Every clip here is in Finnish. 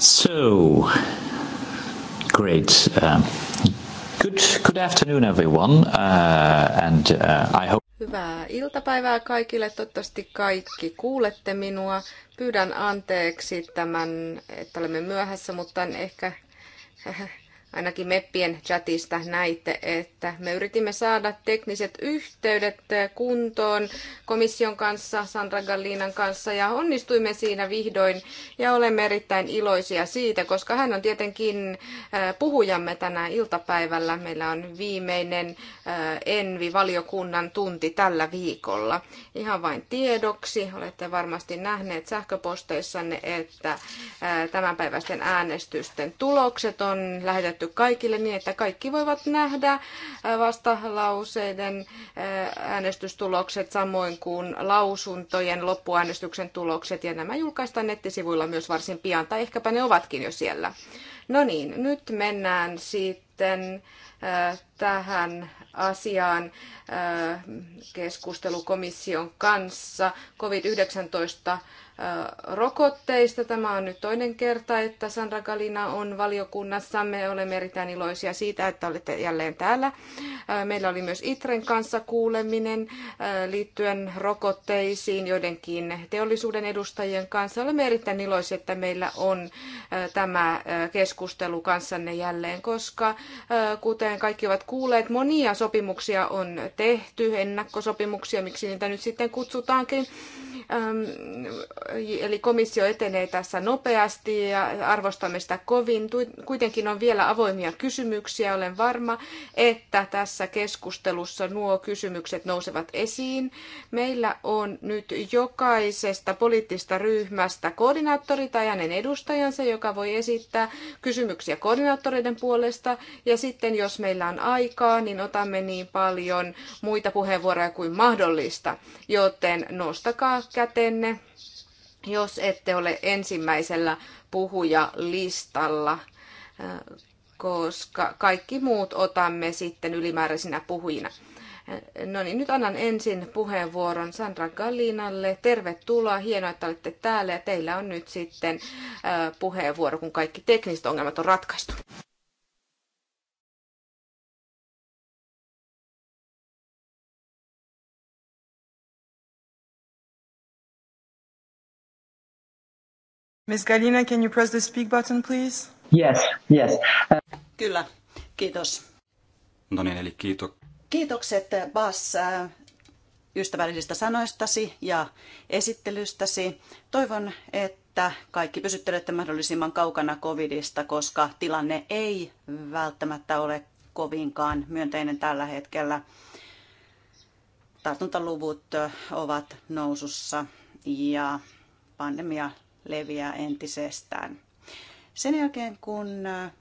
So, great. Um, good, good afternoon everyone, uh, and uh, I hope Hyvää iltapäivää kaikille. Toivottavasti kaikki kuulette minua. Pyydän anteeksi tämän, että olemme myöhässä, mutta en ehkä ainakin meppien chatista näitte, että me yritimme saada tekniset yhteydet kuntoon komission kanssa, Sandra Gallinan kanssa ja onnistuimme siinä vihdoin ja olemme erittäin iloisia siitä, koska hän on tietenkin äh, puhujamme tänä iltapäivällä. Meillä on viimeinen äh, Envi-valiokunnan tunti tällä viikolla. Ihan vain tiedoksi, olette varmasti nähneet sähköposteissanne, että äh, tämänpäiväisten äänestysten tulokset on lähetetty lähetetty kaikille niin, että kaikki voivat nähdä äh, vastalauseiden äh, äänestystulokset samoin kuin lausuntojen loppuäänestyksen tulokset. Ja nämä julkaistaan nettisivuilla myös varsin pian, tai ehkäpä ne ovatkin jo siellä. No niin, nyt mennään sitten äh, tähän asiaan keskustelukomission kanssa. COVID-19 rokotteista. Tämä on nyt toinen kerta, että Sandra Kalina on valiokunnassamme. Olemme erittäin iloisia siitä, että olette jälleen täällä. Meillä oli myös Itren kanssa kuuleminen liittyen rokotteisiin joidenkin teollisuuden edustajien kanssa. Olemme erittäin iloisia, että meillä on tämä keskustelu kanssanne jälleen, koska kuten kaikki ovat kuulleet, monia sopimuksia on tehty, ennakkosopimuksia, miksi niitä nyt sitten kutsutaankin Ähm, eli komissio etenee tässä nopeasti ja arvostamme sitä kovin. Kuitenkin on vielä avoimia kysymyksiä. Olen varma, että tässä keskustelussa nuo kysymykset nousevat esiin. Meillä on nyt jokaisesta poliittista ryhmästä koordinaattori tai hänen edustajansa, joka voi esittää kysymyksiä koordinaattoreiden puolesta. Ja sitten jos meillä on aikaa, niin otamme niin paljon muita puheenvuoroja kuin mahdollista, joten nostakaa kätenne, jos ette ole ensimmäisellä puhujalistalla, koska kaikki muut otamme sitten ylimääräisinä puhujina. No niin, nyt annan ensin puheenvuoron Sandra Galinalle. Tervetuloa, hienoa, että olette täällä ja teillä on nyt sitten puheenvuoro, kun kaikki tekniset ongelmat on ratkaistu. Ms. Galina, can you press the speak button, please? Yes, yes. Uh... Kyllä, kiitos. No niin, eli kiito. Kiitokset Bas äh, ystävällisistä sanoistasi ja esittelystäsi. Toivon, että kaikki pysyttelette mahdollisimman kaukana covidista, koska tilanne ei välttämättä ole kovinkaan myönteinen tällä hetkellä. Tartuntaluvut äh, ovat nousussa ja pandemia leviää entisestään. Sen jälkeen kun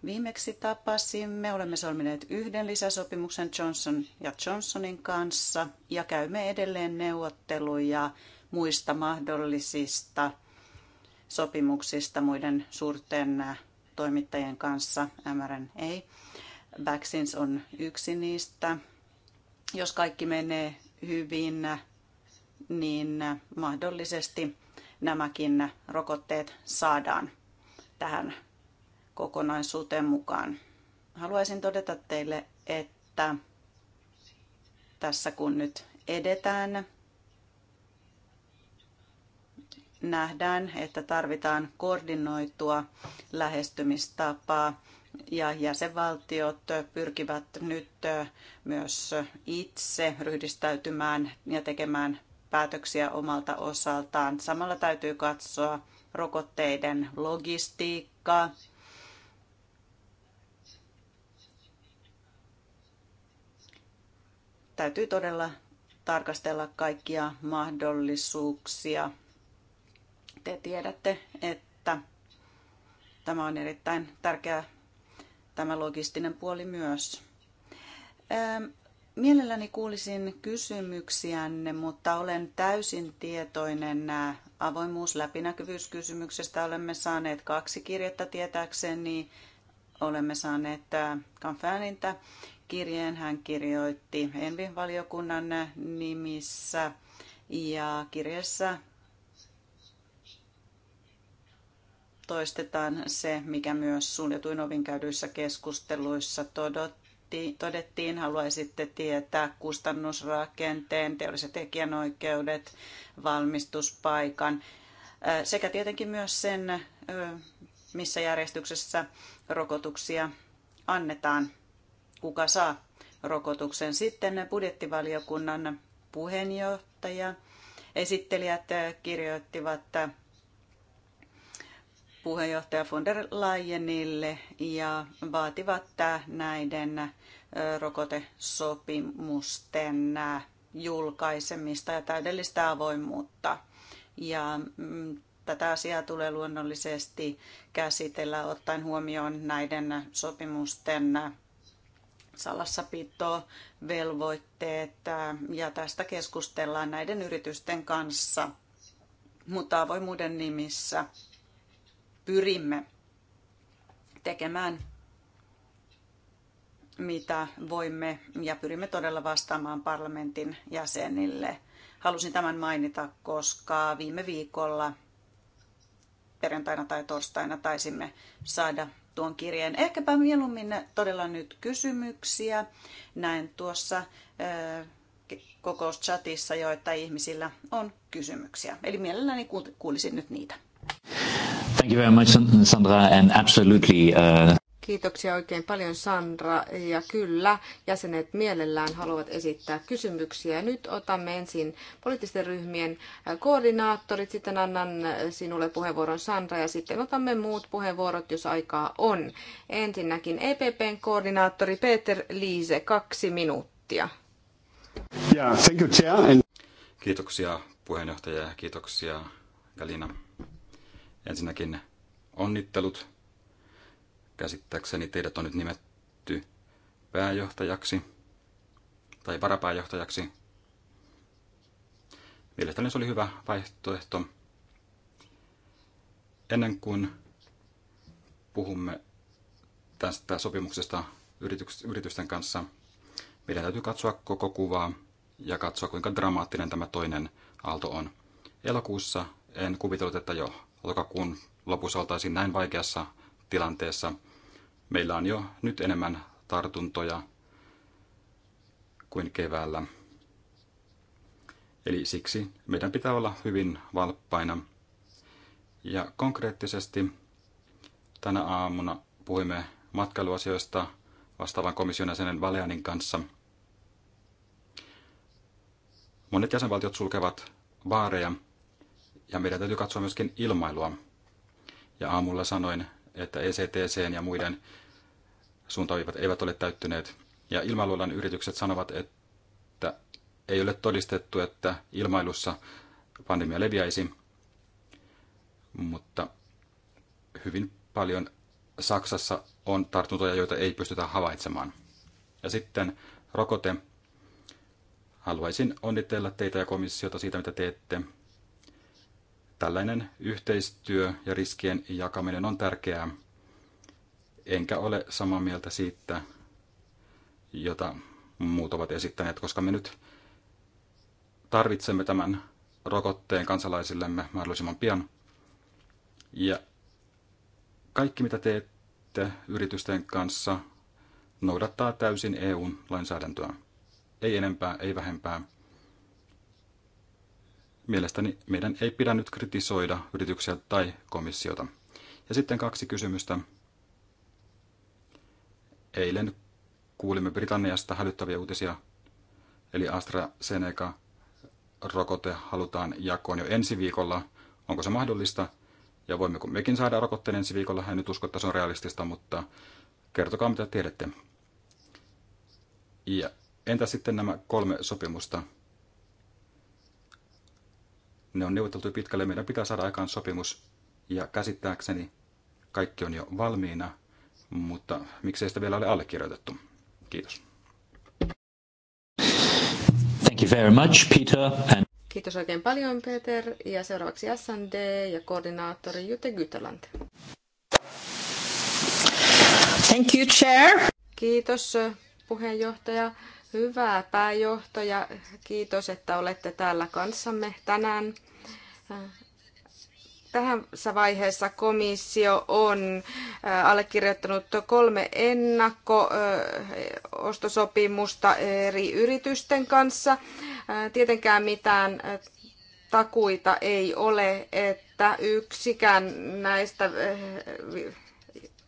viimeksi tapasimme, olemme solmineet yhden lisäsopimuksen Johnson ja Johnsonin kanssa ja käymme edelleen neuvotteluja muista mahdollisista sopimuksista muiden suurten toimittajien kanssa. mRNA Vaccines on yksi niistä. Jos kaikki menee hyvin, niin mahdollisesti nämäkin rokotteet saadaan tähän kokonaisuuteen mukaan. Haluaisin todeta teille, että tässä kun nyt edetään, nähdään, että tarvitaan koordinoitua lähestymistapaa ja jäsenvaltiot pyrkivät nyt myös itse ryhdistäytymään ja tekemään päätöksiä omalta osaltaan. Samalla täytyy katsoa rokotteiden logistiikkaa. Täytyy todella tarkastella kaikkia mahdollisuuksia. Te tiedätte, että tämä on erittäin tärkeä tämä logistinen puoli myös. Ehm, Mielelläni kuulisin kysymyksiänne, mutta olen täysin tietoinen avoimuus- läpinäkyvyyskysymyksestä. Olemme saaneet kaksi kirjettä tietääkseni. Olemme saaneet äh, Kanfäänintä kirjeen. Hän kirjoitti Envi-valiokunnan nimissä ja kirjassa toistetaan se, mikä myös suljetuin ovin käydyissä keskusteluissa todettiin, todettiin haluaisitte tietää kustannusrakenteen, teolliset tekijänoikeudet, valmistuspaikan sekä tietenkin myös sen, missä järjestyksessä rokotuksia annetaan, kuka saa rokotuksen. Sitten budjettivaliokunnan puheenjohtaja, esittelijät kirjoittivat puheenjohtaja von der Leyenille ja vaativat näiden rokotesopimusten julkaisemista ja täydellistä avoimuutta. Ja mm, tätä asiaa tulee luonnollisesti käsitellä ottaen huomioon näiden sopimusten salassapito, velvoitteet ja tästä keskustellaan näiden yritysten kanssa, mutta avoimuuden nimissä pyrimme tekemään mitä voimme ja pyrimme todella vastaamaan parlamentin jäsenille. Halusin tämän mainita, koska viime viikolla perjantaina tai torstaina taisimme saada tuon kirjeen. Ehkäpä mieluummin todella nyt kysymyksiä. Näen tuossa eh, kokouschatissa jo, että ihmisillä on kysymyksiä. Eli mielelläni kuulisin nyt niitä. Thank you very much, Sandra, and absolutely. Uh... Kiitoksia oikein paljon Sandra ja kyllä jäsenet mielellään haluavat esittää kysymyksiä. Nyt otamme ensin poliittisten ryhmien äh, koordinaattorit, sitten annan äh, sinulle puheenvuoron Sandra ja sitten otamme muut puheenvuorot, jos aikaa on. Ensinnäkin EPPn koordinaattori Peter Liise, kaksi minuuttia. Yeah, thank you, chair. And... Kiitoksia puheenjohtaja ja kiitoksia Galina. Ensinnäkin onnittelut. Käsittääkseni teidät on nyt nimetty pääjohtajaksi tai varapääjohtajaksi. Mielestäni se oli hyvä vaihtoehto. Ennen kuin puhumme tästä sopimuksesta yritysten kanssa, meidän täytyy katsoa koko kuvaa ja katsoa, kuinka dramaattinen tämä toinen aalto on. Elokuussa en kuvitellut, että jo lokakuun lopussa oltaisiin näin vaikeassa tilanteessa. Meillä on jo nyt enemmän tartuntoja kuin keväällä. Eli siksi meidän pitää olla hyvin valppaina. Ja konkreettisesti tänä aamuna puhuimme matkailuasioista vastaavan komission jäsenen Valeanin kanssa. Monet jäsenvaltiot sulkevat baareja ja meidän täytyy katsoa myöskin ilmailua. Ja aamulla sanoin, että ECTC ja muiden suuntaviivat eivät ole täyttyneet. Ja ilmailualan yritykset sanovat, että ei ole todistettu, että ilmailussa pandemia leviäisi, mutta hyvin paljon Saksassa on tartuntoja, joita ei pystytä havaitsemaan. Ja sitten rokote. Haluaisin onnitella teitä ja komissiota siitä, mitä teette Tällainen yhteistyö ja riskien jakaminen on tärkeää, enkä ole samaa mieltä siitä, jota muut ovat esittäneet, koska me nyt tarvitsemme tämän rokotteen kansalaisillemme mahdollisimman pian. Ja kaikki mitä teette yritysten kanssa noudattaa täysin EUn lainsäädäntöä. Ei enempää, ei vähempää mielestäni meidän ei pidä nyt kritisoida yrityksiä tai komissiota. Ja sitten kaksi kysymystä. Eilen kuulimme Britanniasta hälyttäviä uutisia, eli AstraZeneca rokote halutaan jakoon jo ensi viikolla. Onko se mahdollista? Ja voimmeko mekin saada rokotteen ensi viikolla? En nyt usko, että se on realistista, mutta kertokaa mitä tiedätte. Ja entä sitten nämä kolme sopimusta? Ne on neuvoteltu pitkälle, meidän pitää saada aikaan sopimus. Ja käsittääkseni kaikki on jo valmiina, mutta miksei sitä vielä ole allekirjoitettu. Kiitos. Thank you very much, Peter. And... Kiitos oikein paljon, Peter. Ja seuraavaksi SND ja koordinaattori Jute Gytälante. Thank you, Chair. Kiitos, puheenjohtaja. Hyvää pääjohtaja, kiitos, että olette täällä kanssamme tänään. Tähän vaiheessa komissio on äh, allekirjoittanut kolme ennakko-ostosopimusta äh, eri yritysten kanssa. Äh, tietenkään mitään takuita ei ole, että yksikään näistä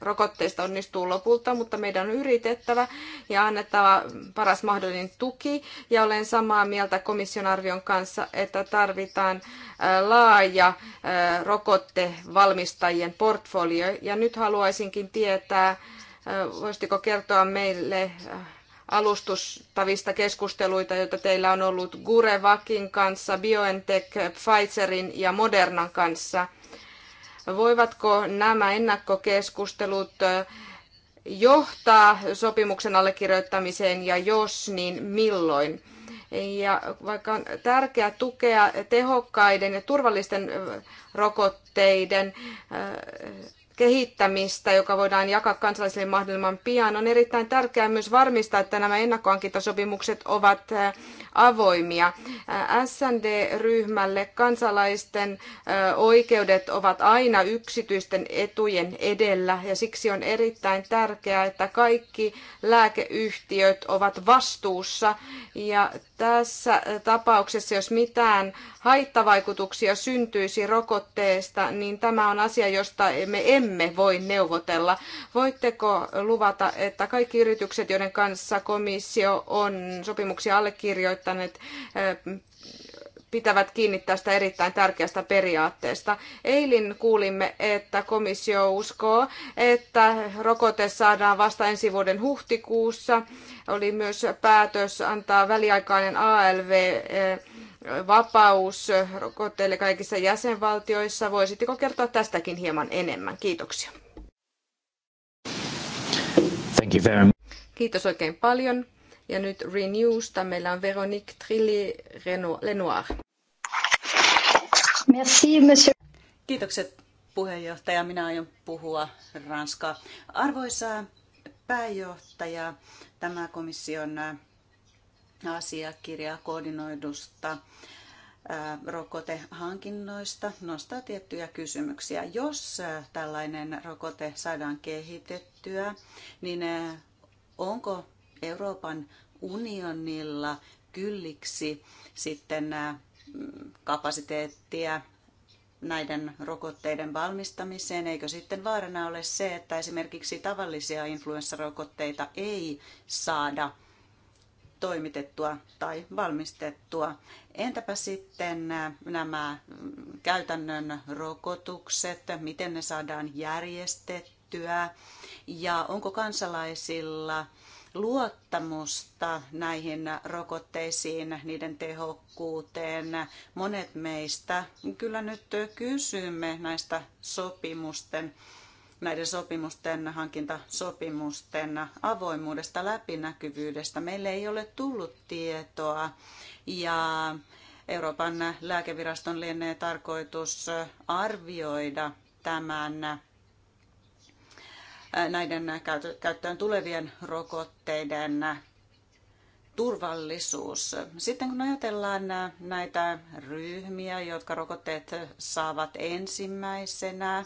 rokotteista onnistuu lopulta, mutta meidän on yritettävä ja annettava paras mahdollinen tuki. Ja olen samaa mieltä komission arvion kanssa, että tarvitaan äh, laaja äh, rokottevalmistajien portfolio. Ja nyt haluaisinkin tietää, äh, voisitko kertoa meille alustustavista keskusteluita, joita teillä on ollut Gurevakin kanssa, BioNTech, Pfizerin ja Modernan kanssa – Voivatko nämä ennakkokeskustelut johtaa sopimuksen allekirjoittamiseen ja jos, niin milloin? Ja vaikka on tärkeää tukea tehokkaiden ja turvallisten rokotteiden kehittämistä, joka voidaan jakaa kansalaisille mahdollisimman pian, on erittäin tärkeää myös varmistaa, että nämä ennakkohankintasopimukset ovat avoimia. SND-ryhmälle kansalaisten oikeudet ovat aina yksityisten etujen edellä ja siksi on erittäin tärkeää, että kaikki lääkeyhtiöt ovat vastuussa ja tässä tapauksessa, jos mitään haittavaikutuksia syntyisi rokotteesta, niin tämä on asia, josta me emme emme voi neuvotella. Voitteko luvata, että kaikki yritykset, joiden kanssa komissio on sopimuksia allekirjoittaneet, eh, pitävät kiinni tästä erittäin tärkeästä periaatteesta. Eilin kuulimme, että komissio uskoo, että rokote saadaan vasta ensi vuoden huhtikuussa. Oli myös päätös antaa väliaikainen ALV eh, vapaus rokotteille kaikissa jäsenvaltioissa. Voisitteko kertoa tästäkin hieman enemmän? Kiitoksia. Thank you very much. Kiitos oikein paljon. Ja nyt Renewsta meillä on Veronique Trilli Lenoir. Merci, monsieur. Kiitokset puheenjohtaja. Minä aion puhua ranskaa. Arvoisa pääjohtaja, tämä komission asiakirjaa koordinoidusta rokotehankinnoista nostaa tiettyjä kysymyksiä. Jos tällainen rokote saadaan kehitettyä, niin onko Euroopan unionilla kylliksi sitten kapasiteettia näiden rokotteiden valmistamiseen, eikö sitten vaarana ole se, että esimerkiksi tavallisia influenssarokotteita ei saada toimitettua tai valmistettua. Entäpä sitten nämä käytännön rokotukset, miten ne saadaan järjestettyä ja onko kansalaisilla luottamusta näihin rokotteisiin, niiden tehokkuuteen. Monet meistä kyllä nyt kysymme näistä sopimusten näiden sopimusten, hankintasopimusten avoimuudesta, läpinäkyvyydestä. Meille ei ole tullut tietoa ja Euroopan lääkeviraston lienee tarkoitus arvioida tämän näiden käyttöön tulevien rokotteiden turvallisuus. Sitten kun ajatellaan näitä ryhmiä, jotka rokotteet saavat ensimmäisenä,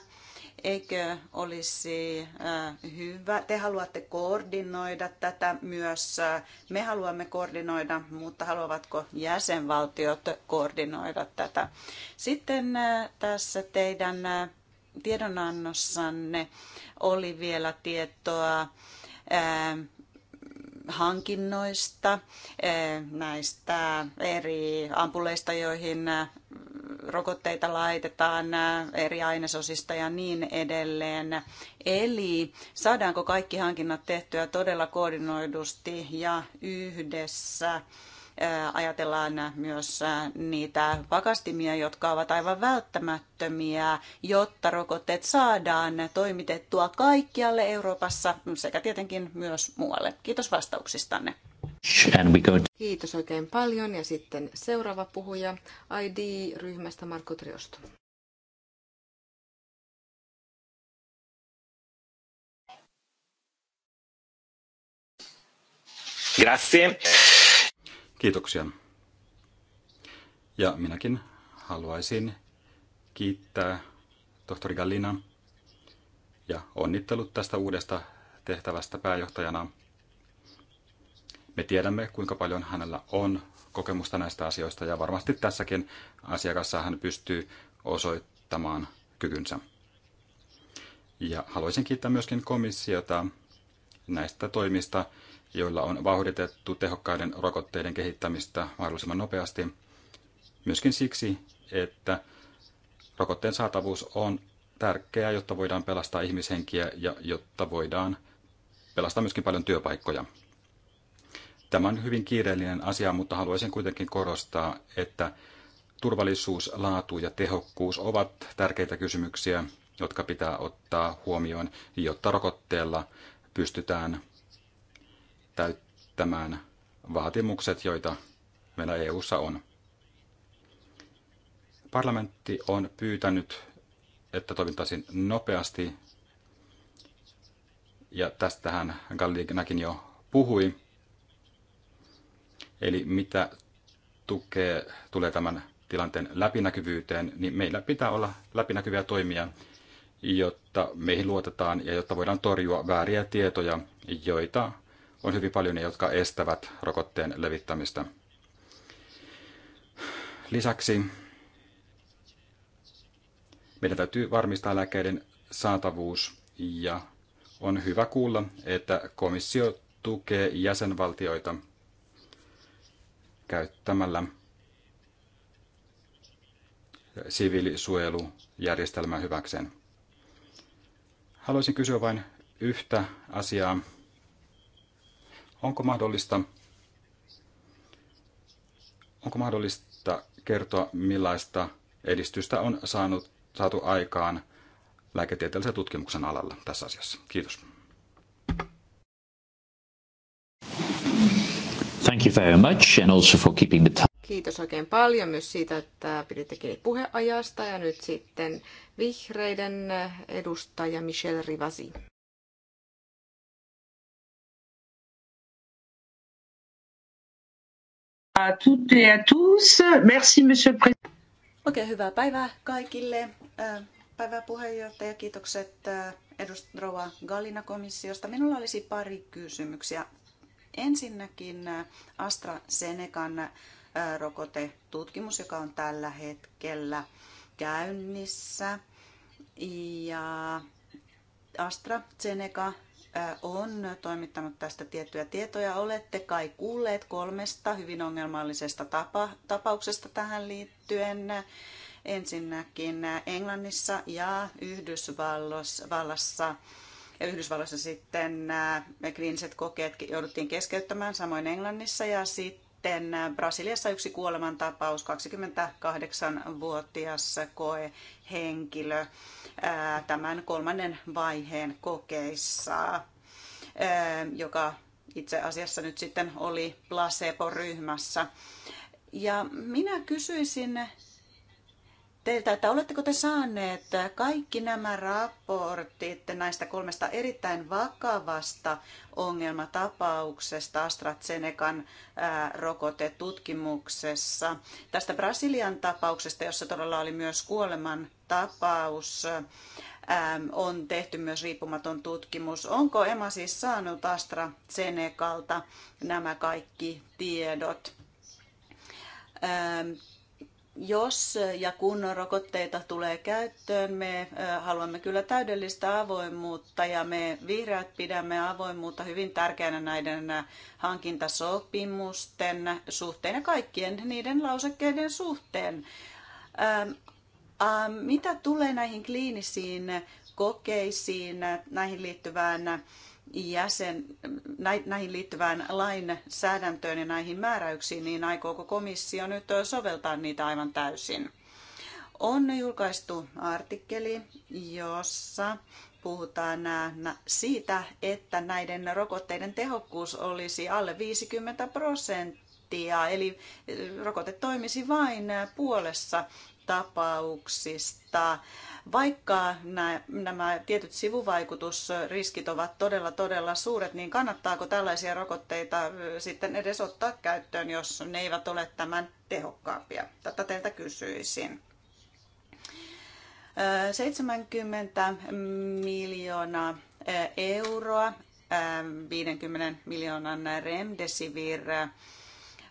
eikö olisi äh, hyvä, te haluatte koordinoida tätä myös, me haluamme koordinoida, mutta haluavatko jäsenvaltiot koordinoida tätä? Sitten äh, tässä teidän äh, tiedonannossanne oli vielä tietoa hankinnoista, näistä eri ampuleista, joihin rokotteita laitetaan eri ainesosista ja niin edelleen. Eli saadaanko kaikki hankinnat tehtyä todella koordinoidusti ja yhdessä? ajatellaan myös niitä pakastimia, jotka ovat aivan välttämättömiä, jotta rokotteet saadaan toimitettua kaikkialle Euroopassa sekä tietenkin myös muualle. Kiitos vastauksistanne. Kiitos oikein paljon ja sitten seuraava puhuja ID-ryhmästä Marko Triosto. Grazie. Kiitoksia. Ja minäkin haluaisin kiittää tohtori Gallina ja onnittelut tästä uudesta tehtävästä pääjohtajana – me tiedämme, kuinka paljon hänellä on kokemusta näistä asioista ja varmasti tässäkin asiakassa hän pystyy osoittamaan kykynsä. Ja haluaisin kiittää myöskin komissiota näistä toimista, joilla on vauhditettu tehokkaiden rokotteiden kehittämistä mahdollisimman nopeasti. Myöskin siksi, että rokotteen saatavuus on tärkeää, jotta voidaan pelastaa ihmishenkiä ja jotta voidaan pelastaa myöskin paljon työpaikkoja. Tämä on hyvin kiireellinen asia, mutta haluaisin kuitenkin korostaa, että turvallisuus, laatu ja tehokkuus ovat tärkeitä kysymyksiä, jotka pitää ottaa huomioon, jotta rokotteella pystytään täyttämään vaatimukset, joita meillä EU:ssa on. Parlamentti on pyytänyt, että toimittaisiin nopeasti, ja tästähän Galli jo puhui. Eli mitä tukee, tulee tämän tilanteen läpinäkyvyyteen, niin meillä pitää olla läpinäkyviä toimia, jotta meihin luotetaan ja jotta voidaan torjua vääriä tietoja, joita on hyvin paljon ja jotka estävät rokotteen levittämistä. Lisäksi meidän täytyy varmistaa lääkkeiden saatavuus ja on hyvä kuulla, että komissio tukee jäsenvaltioita – käyttämällä siviilisuojelujärjestelmää hyväkseen. Haluaisin kysyä vain yhtä asiaa. Onko mahdollista, onko mahdollista kertoa, millaista edistystä on saanut, saatu aikaan lääketieteellisen tutkimuksen alalla tässä asiassa? Kiitos. you very much and also for keeping the time. Kiitos oikein paljon myös siitä, että piditte kiinni puheajasta ja nyt sitten vihreiden edustaja Michel Rivasi. A toutes et à tous. Merci, Monsieur le Président. Oikein hyvää päivää kaikille. Äh, päivää puheenjohtaja, kiitokset äh, edustroa Galina komissiosta. Minulla olisi pari kysymyksiä. Ensinnäkin äh, AstraZenecan äh, rokotetutkimus, joka on tällä hetkellä käynnissä. Ja AstraZeneca äh, on toimittanut tästä tiettyjä tietoja. Olette kai kuulleet kolmesta hyvin ongelmallisesta tapa, tapauksesta tähän liittyen. Ensinnäkin Englannissa ja Yhdysvallassa ja Yhdysvalloissa sitten äh, kliiniset kokeet jouduttiin keskeyttämään, samoin Englannissa ja sitten äh, Brasiliassa yksi kuolemantapaus, 28-vuotias koehenkilö äh, tämän kolmannen vaiheen kokeissa, joka itse asiassa nyt sitten oli placebo-ryhmässä. Ja minä kysyisin teiltä, että oletteko te saaneet kaikki nämä raportit näistä kolmesta erittäin vakavasta ongelmatapauksesta AstraZenecan rokotetutkimuksessa. Tästä Brasilian tapauksesta, jossa todella oli myös kuoleman tapaus, on tehty myös riippumaton tutkimus. Onko Emma siis saanut AstraZenecalta nämä kaikki tiedot? jos ja kun rokotteita tulee käyttöön, me haluamme kyllä täydellistä avoimuutta ja me vihreät pidämme avoimuutta hyvin tärkeänä näiden hankintasopimusten suhteen ja kaikkien niiden lausekkeiden suhteen. Mitä tulee näihin kliinisiin kokeisiin, näihin liittyvään jäsen, näihin liittyvään lainsäädäntöön ja näihin määräyksiin, niin aikooko komissio nyt soveltaa niitä aivan täysin? On julkaistu artikkeli, jossa puhutaan siitä, että näiden rokotteiden tehokkuus olisi alle 50 prosenttia, eli rokote toimisi vain puolessa tapauksista. Vaikka nämä tietyt sivuvaikutusriskit ovat todella todella suuret, niin kannattaako tällaisia rokotteita sitten edes ottaa käyttöön, jos ne eivät ole tämän tehokkaampia? Tätä teiltä kysyisin. 70 miljoonaa euroa 50 miljoonan Remdesivir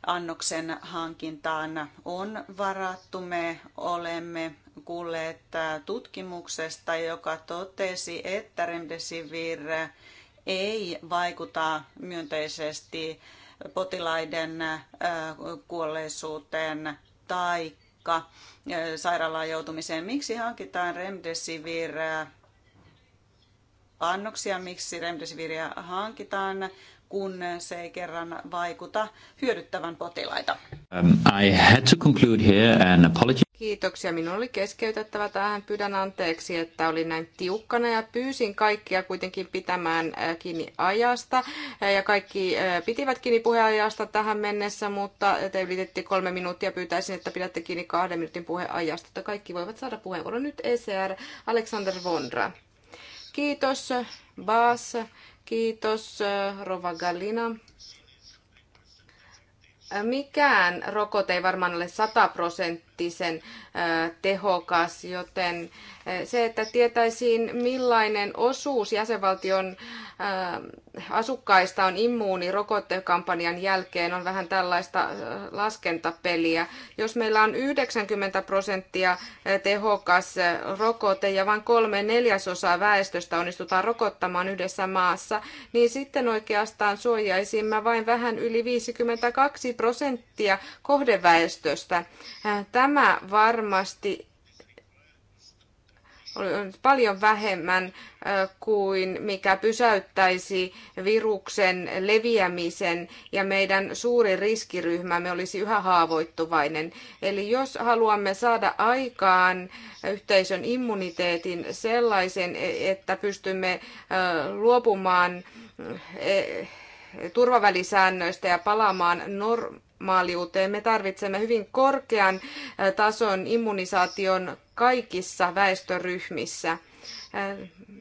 annoksen hankintaan on varattu. Me olemme kuulleet äh, tutkimuksesta, joka totesi, että remdesivir ei vaikuta myönteisesti potilaiden äh, kuolleisuuteen tai äh, sairaalaan joutumiseen. Miksi hankitaan remdesivir annoksia, miksi remdesiviria hankitaan kun se ei kerran vaikuta hyödyttävän potilaita. Um, I had to conclude here and apology. Kiitoksia. Minun oli keskeytettävä tähän. Pyydän anteeksi, että oli näin tiukkana ja pyysin kaikkia kuitenkin pitämään äh, kiinni ajasta. Äh, ja kaikki äh, pitivät kiinni puheajasta tähän mennessä, mutta te ylitette kolme minuuttia. Pyytäisin, että pidätte kiinni kahden minuutin puheajasta, että kaikki voivat saada puheenvuoron. Nyt ECR Alexander Vondra. Kiitos, Baas. Kiitos, äh, Rova Gallina. Äh, mikään rokote ei varmaan ole 100 prosenttia kriittisen tehokas, joten se, että tietäisiin millainen osuus jäsenvaltion asukkaista on immuuni rokotekampanjan jälkeen, on vähän tällaista laskentapeliä. Jos meillä on 90 prosenttia tehokas rokote ja vain kolme neljäsosaa väestöstä onnistutaan rokottamaan yhdessä maassa, niin sitten oikeastaan suojaisimme vain vähän yli 52 prosenttia kohdeväestöstä. Tämä Tämä varmasti on paljon vähemmän kuin mikä pysäyttäisi viruksen leviämisen ja meidän suuri riskiryhmämme olisi yhä haavoittuvainen. Eli jos haluamme saada aikaan yhteisön immuniteetin sellaisen, e, että pystymme luopumaan e, turvavälisäännöistä ja palaamaan normaaliin, maaliuteen. Me tarvitsemme hyvin korkean tason immunisaation kaikissa väestöryhmissä.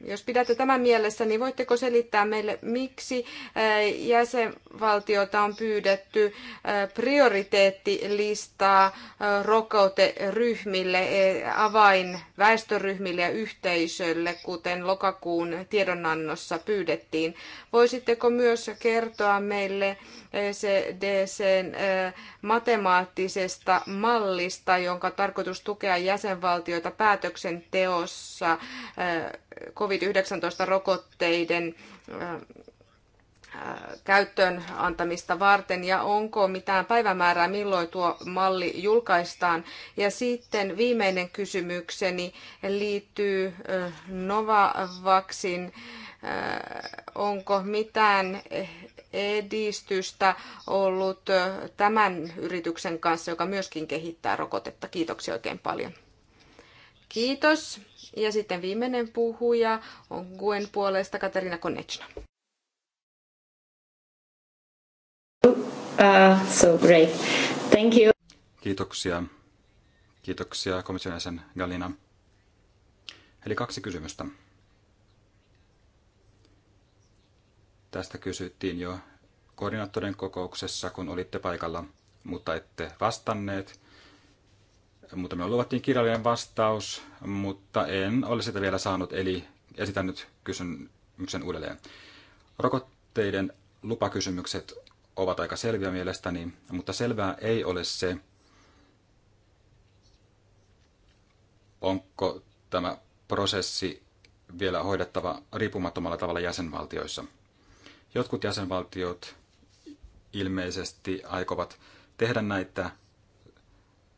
Jos pidätte tämän mielessä, niin voitteko selittää meille, miksi jäsenvaltiota on pyydetty prioriteettilistaa rokoteryhmille, avain väestöryhmille ja yhteisölle, kuten lokakuun tiedonannossa pyydettiin. Voisitteko myös kertoa meille e CDCn matemaattisesta mallista, jonka tarkoitus tukea jäsenvaltioita päätöksenteossa COVID-19-rokotteiden äh, äh, käyttöön antamista varten ja onko mitään päivämäärää, milloin tuo malli julkaistaan. Ja sitten viimeinen kysymykseni liittyy äh, Novavaksin. Onko mitään edistystä ollut tämän yrityksen kanssa, joka myöskin kehittää rokotetta? Kiitoksia oikein paljon. Kiitos. Ja sitten viimeinen puhuja on Guen puolesta Katerina Konechna. Uh, so great. Thank you. Kiitoksia. Kiitoksia komission jäsen Galina. Eli kaksi kysymystä. Tästä kysyttiin jo koordinaattorin kokouksessa, kun olitte paikalla, mutta ette vastanneet mutta me luvattiin kirjallinen vastaus, mutta en ole sitä vielä saanut, eli esitän nyt kysymyksen uudelleen. Rokotteiden lupakysymykset ovat aika selviä mielestäni, mutta selvää ei ole se, onko tämä prosessi vielä hoidettava riippumattomalla tavalla jäsenvaltioissa. Jotkut jäsenvaltiot ilmeisesti aikovat tehdä näitä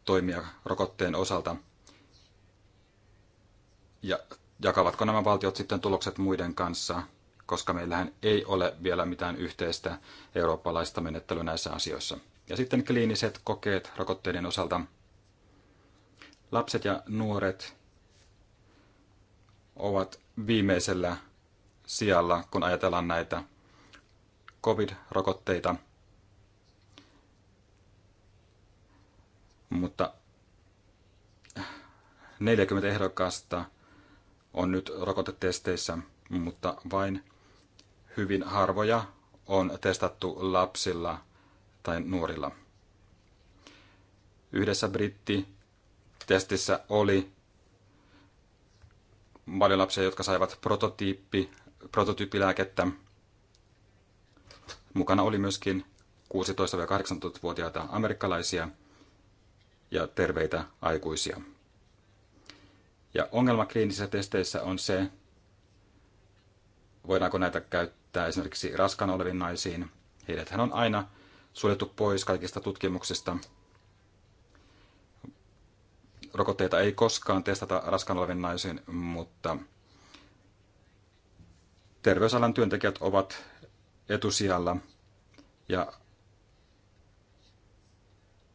toimia rokotteen osalta. Ja jakavatko nämä valtiot sitten tulokset muiden kanssa, koska meillähän ei ole vielä mitään yhteistä eurooppalaista menettelyä näissä asioissa. Ja sitten kliiniset kokeet rokotteiden osalta. Lapset ja nuoret ovat viimeisellä sijalla, kun ajatellaan näitä COVID-rokotteita – Mutta 40 ehdokasta on nyt rokotetesteissä, mutta vain hyvin harvoja on testattu lapsilla tai nuorilla. Yhdessä brittitestissä oli paljon lapsia, jotka saivat prototyyppi, prototyyppilääkettä. Mukana oli myöskin 16-18-vuotiaita amerikkalaisia – ja terveitä aikuisia. Ja ongelma kliinisissä testeissä on se, voidaanko näitä käyttää esimerkiksi raskaana oleviin naisiin. Heidäthän on aina suljettu pois kaikista tutkimuksista. Rokotteita ei koskaan testata raskaana oleviin naisiin, mutta terveysalan työntekijät ovat etusijalla ja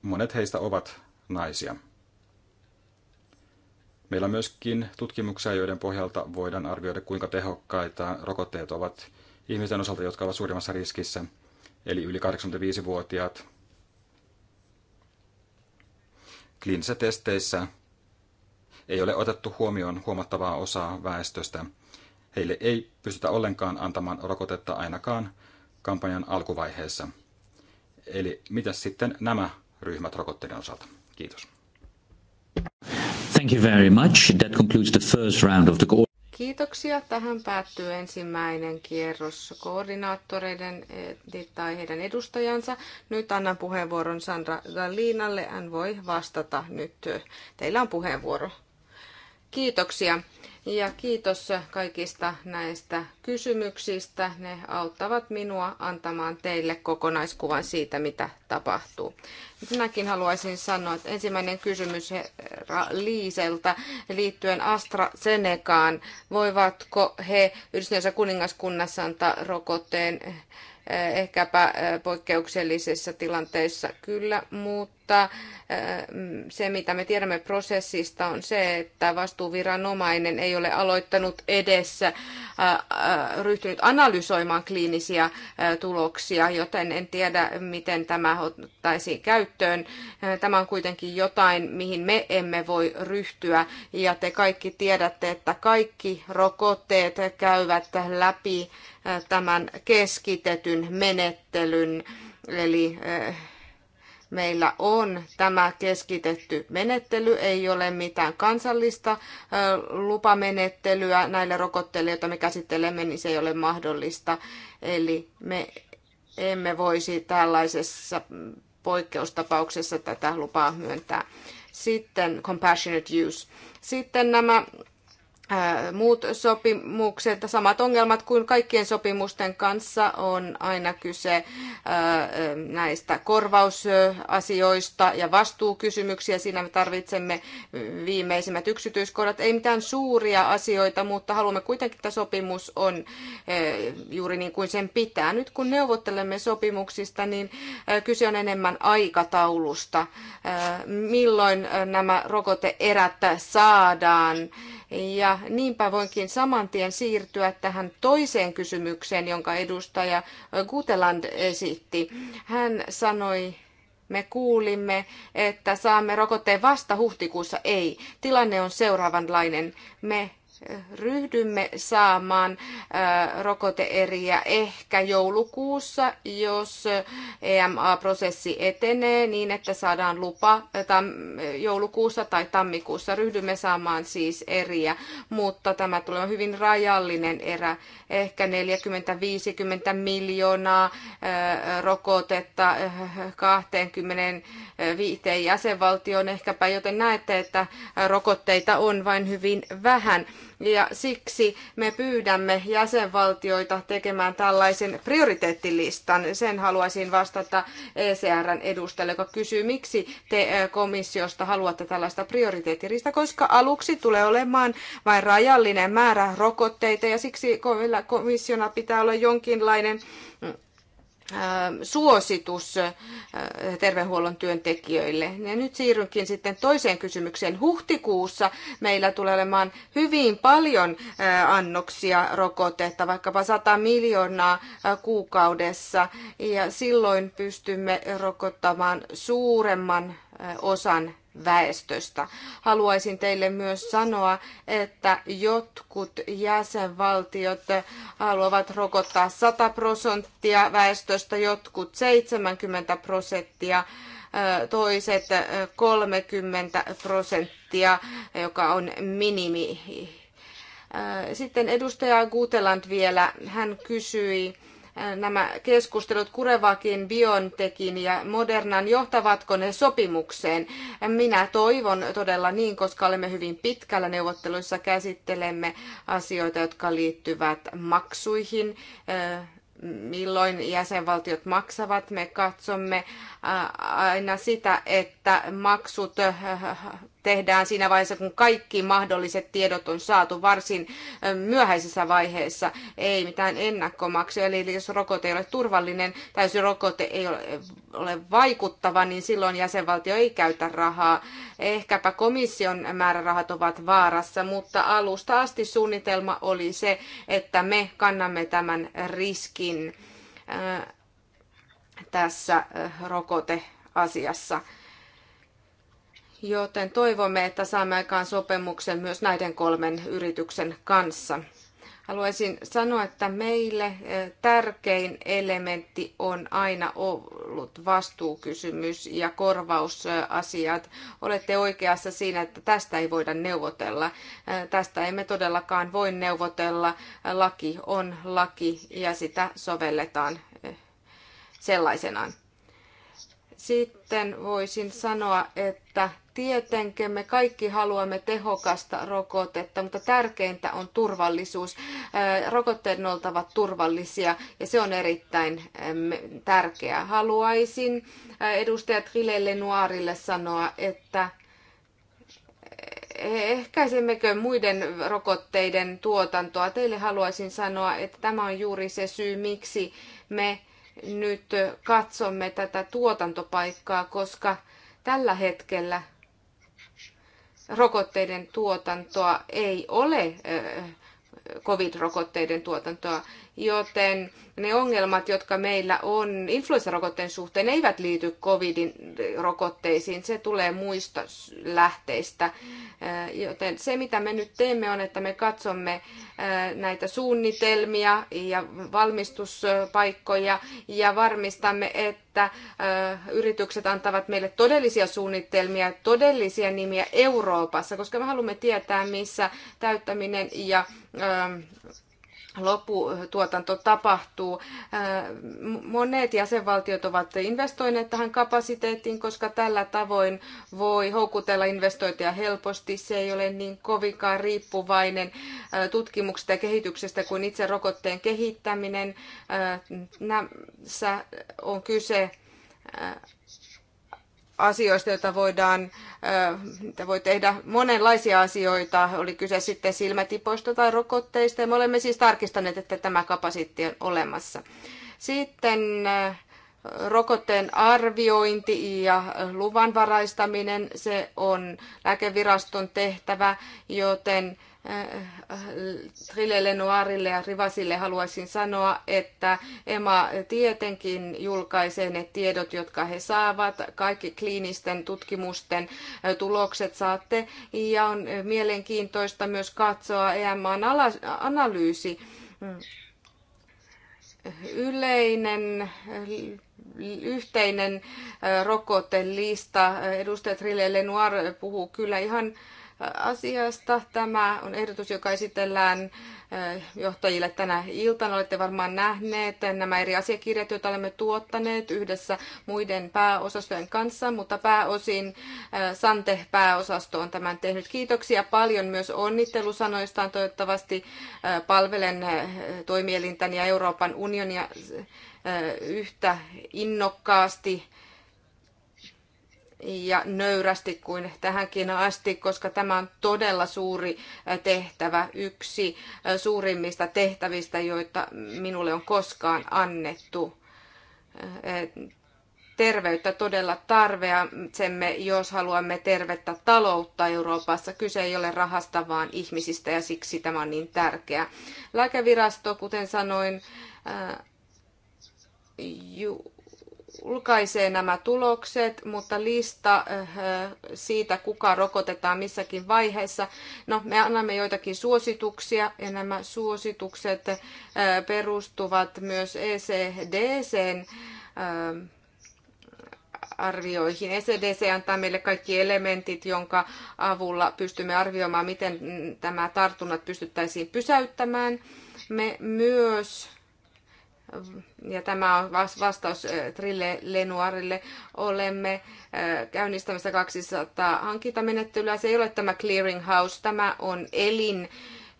monet heistä ovat naisia. Meillä on myöskin tutkimuksia, joiden pohjalta voidaan arvioida, kuinka tehokkaita rokotteet ovat ihmisten osalta, jotka ovat suurimmassa riskissä, eli yli 85-vuotiaat. Kliinisissä testeissä ei ole otettu huomioon huomattavaa osaa väestöstä. Heille ei pystytä ollenkaan antamaan rokotetta ainakaan kampanjan alkuvaiheessa. Eli mitä sitten nämä ryhmät rokotteiden osalta? Kiitos. Thank you very much. That concludes the first round of the Kiitoksia. Tähän päättyy ensimmäinen kierros koordinaattoreiden eh, tai heidän edustajansa. Nyt annan puheenvuoron Sandra Galinalle. Hän voi vastata nyt. Teillä on puheenvuoro. Kiitoksia. Ja kiitos kaikista näistä kysymyksistä. Ne auttavat minua antamaan teille kokonaiskuvan siitä, mitä tapahtuu. Minäkin haluaisin sanoa, että ensimmäinen kysymys herra Liiseltä liittyen AstraZenecaan. Voivatko he yhdistyneessä kuningaskunnassa antaa rokotteen eh, ehkäpä eh, poikkeuksellisissa tilanteissa? Kyllä, mutta mutta mm, se, mitä me tiedämme prosessista, on se, että vastuuviranomainen ei ole aloittanut edessä, ryhtynyt analysoimaan kliinisiä tuloksia, joten en tiedä, miten tämä ottaisiin käyttöön. Tämä on kuitenkin jotain, mihin me emme voi ryhtyä, ja te kaikki tiedätte, että kaikki rokotteet käyvät läpi tämän keskitetyn menettelyn, eli meillä on tämä keskitetty menettely, ei ole mitään kansallista lupamenettelyä näille rokotteille, joita me käsittelemme, niin se ei ole mahdollista. Eli me emme voisi tällaisessa poikkeustapauksessa tätä lupaa myöntää. Sitten compassionate use. Sitten nämä muut sopimukset, samat ongelmat kuin kaikkien sopimusten kanssa on aina kyse näistä korvausasioista ja vastuukysymyksiä. Siinä me tarvitsemme viimeisimmät yksityiskohdat. Ei mitään suuria asioita, mutta haluamme kuitenkin, että sopimus on juuri niin kuin sen pitää. Nyt kun neuvottelemme sopimuksista, niin kyse on enemmän aikataulusta. Milloin nämä rokoteerät saadaan? Ja niinpä voinkin saman tien siirtyä tähän toiseen kysymykseen, jonka edustaja Guteland esitti. Hän sanoi, me kuulimme, että saamme rokotteen vasta huhtikuussa. Ei, tilanne on seuraavanlainen. Me ryhdymme saamaan rokoteeriä ehkä joulukuussa, jos EMA-prosessi etenee niin, että saadaan lupa joulukuussa tai tammikuussa. Ryhdymme saamaan siis eriä, mutta tämä tulee hyvin rajallinen erä, ehkä 40-50 miljoonaa rokotetta 25 jäsenvaltioon ehkäpä, joten näette, että rokotteita on vain hyvin vähän ja siksi me pyydämme jäsenvaltioita tekemään tällaisen prioriteettilistan. Sen haluaisin vastata ECRn edustajalle, joka kysyy, miksi te e, komissiosta haluatte tällaista prioriteettilista, koska aluksi tulee olemaan vain rajallinen määrä rokotteita ja siksi komissiona pitää olla jonkinlainen Ähm, suositus äh, terveydenhuollon työntekijöille. Ja nyt siirrynkin sitten toiseen kysymykseen. Huhtikuussa meillä tulee olemaan hyvin paljon äh, annoksia rokotetta, vaikkapa 100 miljoonaa äh, kuukaudessa, ja silloin pystymme rokottamaan suuremman osan väestöstä. Haluaisin teille myös sanoa, että jotkut jäsenvaltiot haluavat rokottaa 100 prosenttia väestöstä, jotkut 70 prosenttia, toiset 30 prosenttia, joka on minimi. Sitten edustaja Guteland vielä, hän kysyi, nämä keskustelut Kurevakin, Biontekin ja Modernan, johtavatko ne sopimukseen? Minä toivon todella niin, koska olemme hyvin pitkällä neuvotteluissa, käsittelemme asioita, jotka liittyvät maksuihin, milloin jäsenvaltiot maksavat. Me katsomme aina sitä, että maksut tehdään siinä vaiheessa, kun kaikki mahdolliset tiedot on saatu varsin myöhäisessä vaiheessa, ei mitään ennakkomaksuja. Eli jos rokote ei ole turvallinen tai jos rokote ei ole vaikuttava, niin silloin jäsenvaltio ei käytä rahaa. Ehkäpä komission määrärahat ovat vaarassa, mutta alusta asti suunnitelma oli se, että me kannamme tämän riskin tässä rokoteasiassa joten toivomme, että saamme aikaan sopimuksen myös näiden kolmen yrityksen kanssa. Haluaisin sanoa, että meille eh, tärkein elementti on aina ollut vastuukysymys ja korvausasiat. Olette oikeassa siinä, että tästä ei voida neuvotella. Eh, tästä emme todellakaan voi neuvotella. Laki on laki ja sitä sovelletaan eh, sellaisenaan. Sitten voisin sanoa, että tietenkin me kaikki haluamme tehokasta rokotetta, mutta tärkeintä on turvallisuus. Äh, Rokotteen on oltava turvallisia ja se on erittäin ähm, tärkeää. Haluaisin äh, edustajat Rilelle Nuorille sanoa, että äh, ehkäisemmekö muiden rokotteiden tuotantoa? Teille haluaisin sanoa, että tämä on juuri se syy, miksi me nyt katsomme tätä tuotantopaikkaa, koska tällä hetkellä rokotteiden tuotantoa ei ole covid-rokotteiden tuotantoa joten ne ongelmat, jotka meillä on influenssarokotteen suhteen, eivät liity covidin rokotteisiin. Se tulee muista lähteistä. Äh, joten se, mitä me nyt teemme, on, että me katsomme äh, näitä suunnitelmia ja valmistuspaikkoja ja varmistamme, että äh, yritykset antavat meille todellisia suunnitelmia, todellisia nimiä Euroopassa, koska me haluamme tietää, missä täyttäminen ja ähm, lopputuotanto tapahtuu. Äh, monet jäsenvaltiot ovat investoineet tähän kapasiteettiin, koska tällä tavoin voi houkutella investointeja helposti. Se ei ole niin kovinkaan riippuvainen äh, tutkimuksesta ja kehityksestä kuin itse rokotteen kehittäminen. Äh, nämä on kyse asioista, joita voidaan, niitä voi tehdä monenlaisia asioita, oli kyse sitten silmätipoista tai rokotteista, ja me olemme siis tarkistaneet, että tämä kapasiteetti on olemassa. Sitten rokotteen arviointi ja luvan varaistaminen, se on lääkeviraston tehtävä, joten Trille Lenoirille ja Rivasille haluaisin sanoa, että EMA tietenkin julkaisee ne tiedot, jotka he saavat, kaikki kliinisten tutkimusten tulokset saatte, ja on mielenkiintoista myös katsoa EMAn analyysi. Mm. Yleinen yhteinen rokotelista. Edustaja Trille Lenoir puhuu kyllä ihan asiasta. Tämä on ehdotus, joka esitellään johtajille tänä iltana. Olette varmaan nähneet nämä eri asiakirjat, joita olemme tuottaneet yhdessä muiden pääosastojen kanssa, mutta pääosin Sante-pääosasto on tämän tehnyt. Kiitoksia paljon myös onnittelusanoistaan. Toivottavasti palvelen toimielintäni ja Euroopan unionia yhtä innokkaasti ja nöyrästi kuin tähänkin asti, koska tämä on todella suuri tehtävä, yksi suurimmista tehtävistä, joita minulle on koskaan annettu. Terveyttä todella tarvitsemme, jos haluamme tervettä taloutta Euroopassa. Kyse ei ole rahasta, vaan ihmisistä ja siksi tämä on niin tärkeää. Lääkevirasto, kuten sanoin, julkaisee nämä tulokset, mutta lista eh, siitä, kuka rokotetaan missäkin vaiheessa. No, me annamme joitakin suosituksia ja nämä suositukset eh, perustuvat myös ECDCn eh, arvioihin. ECDC antaa meille kaikki elementit, jonka avulla pystymme arvioimaan, miten tämä tartunnat pystyttäisiin pysäyttämään. Me myös ja tämä on vastaus äh, Trille Lenuarille, olemme äh, käynnistämässä 200 hankintamenettelyä. Se ei ole tämä clearinghouse, tämä on elin,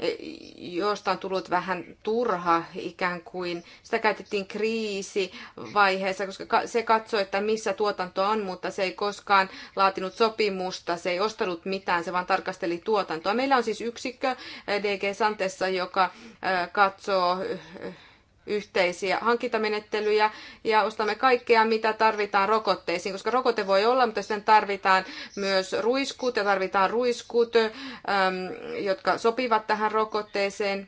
äh, josta on tullut vähän turha ikään kuin. Sitä käytettiin kriisivaiheessa, koska se katsoi, että missä tuotanto on, mutta se ei koskaan laatinut sopimusta, se ei ostanut mitään, se vaan tarkasteli tuotantoa. Meillä on siis yksikkö DG Santessa, joka katsoo yhteisiä hankintamenettelyjä ja ostamme kaikkea, mitä tarvitaan rokotteisiin, koska rokote voi olla, mutta sen tarvitaan myös ruiskut ja tarvitaan ruiskut, jotka sopivat tähän rokotteeseen.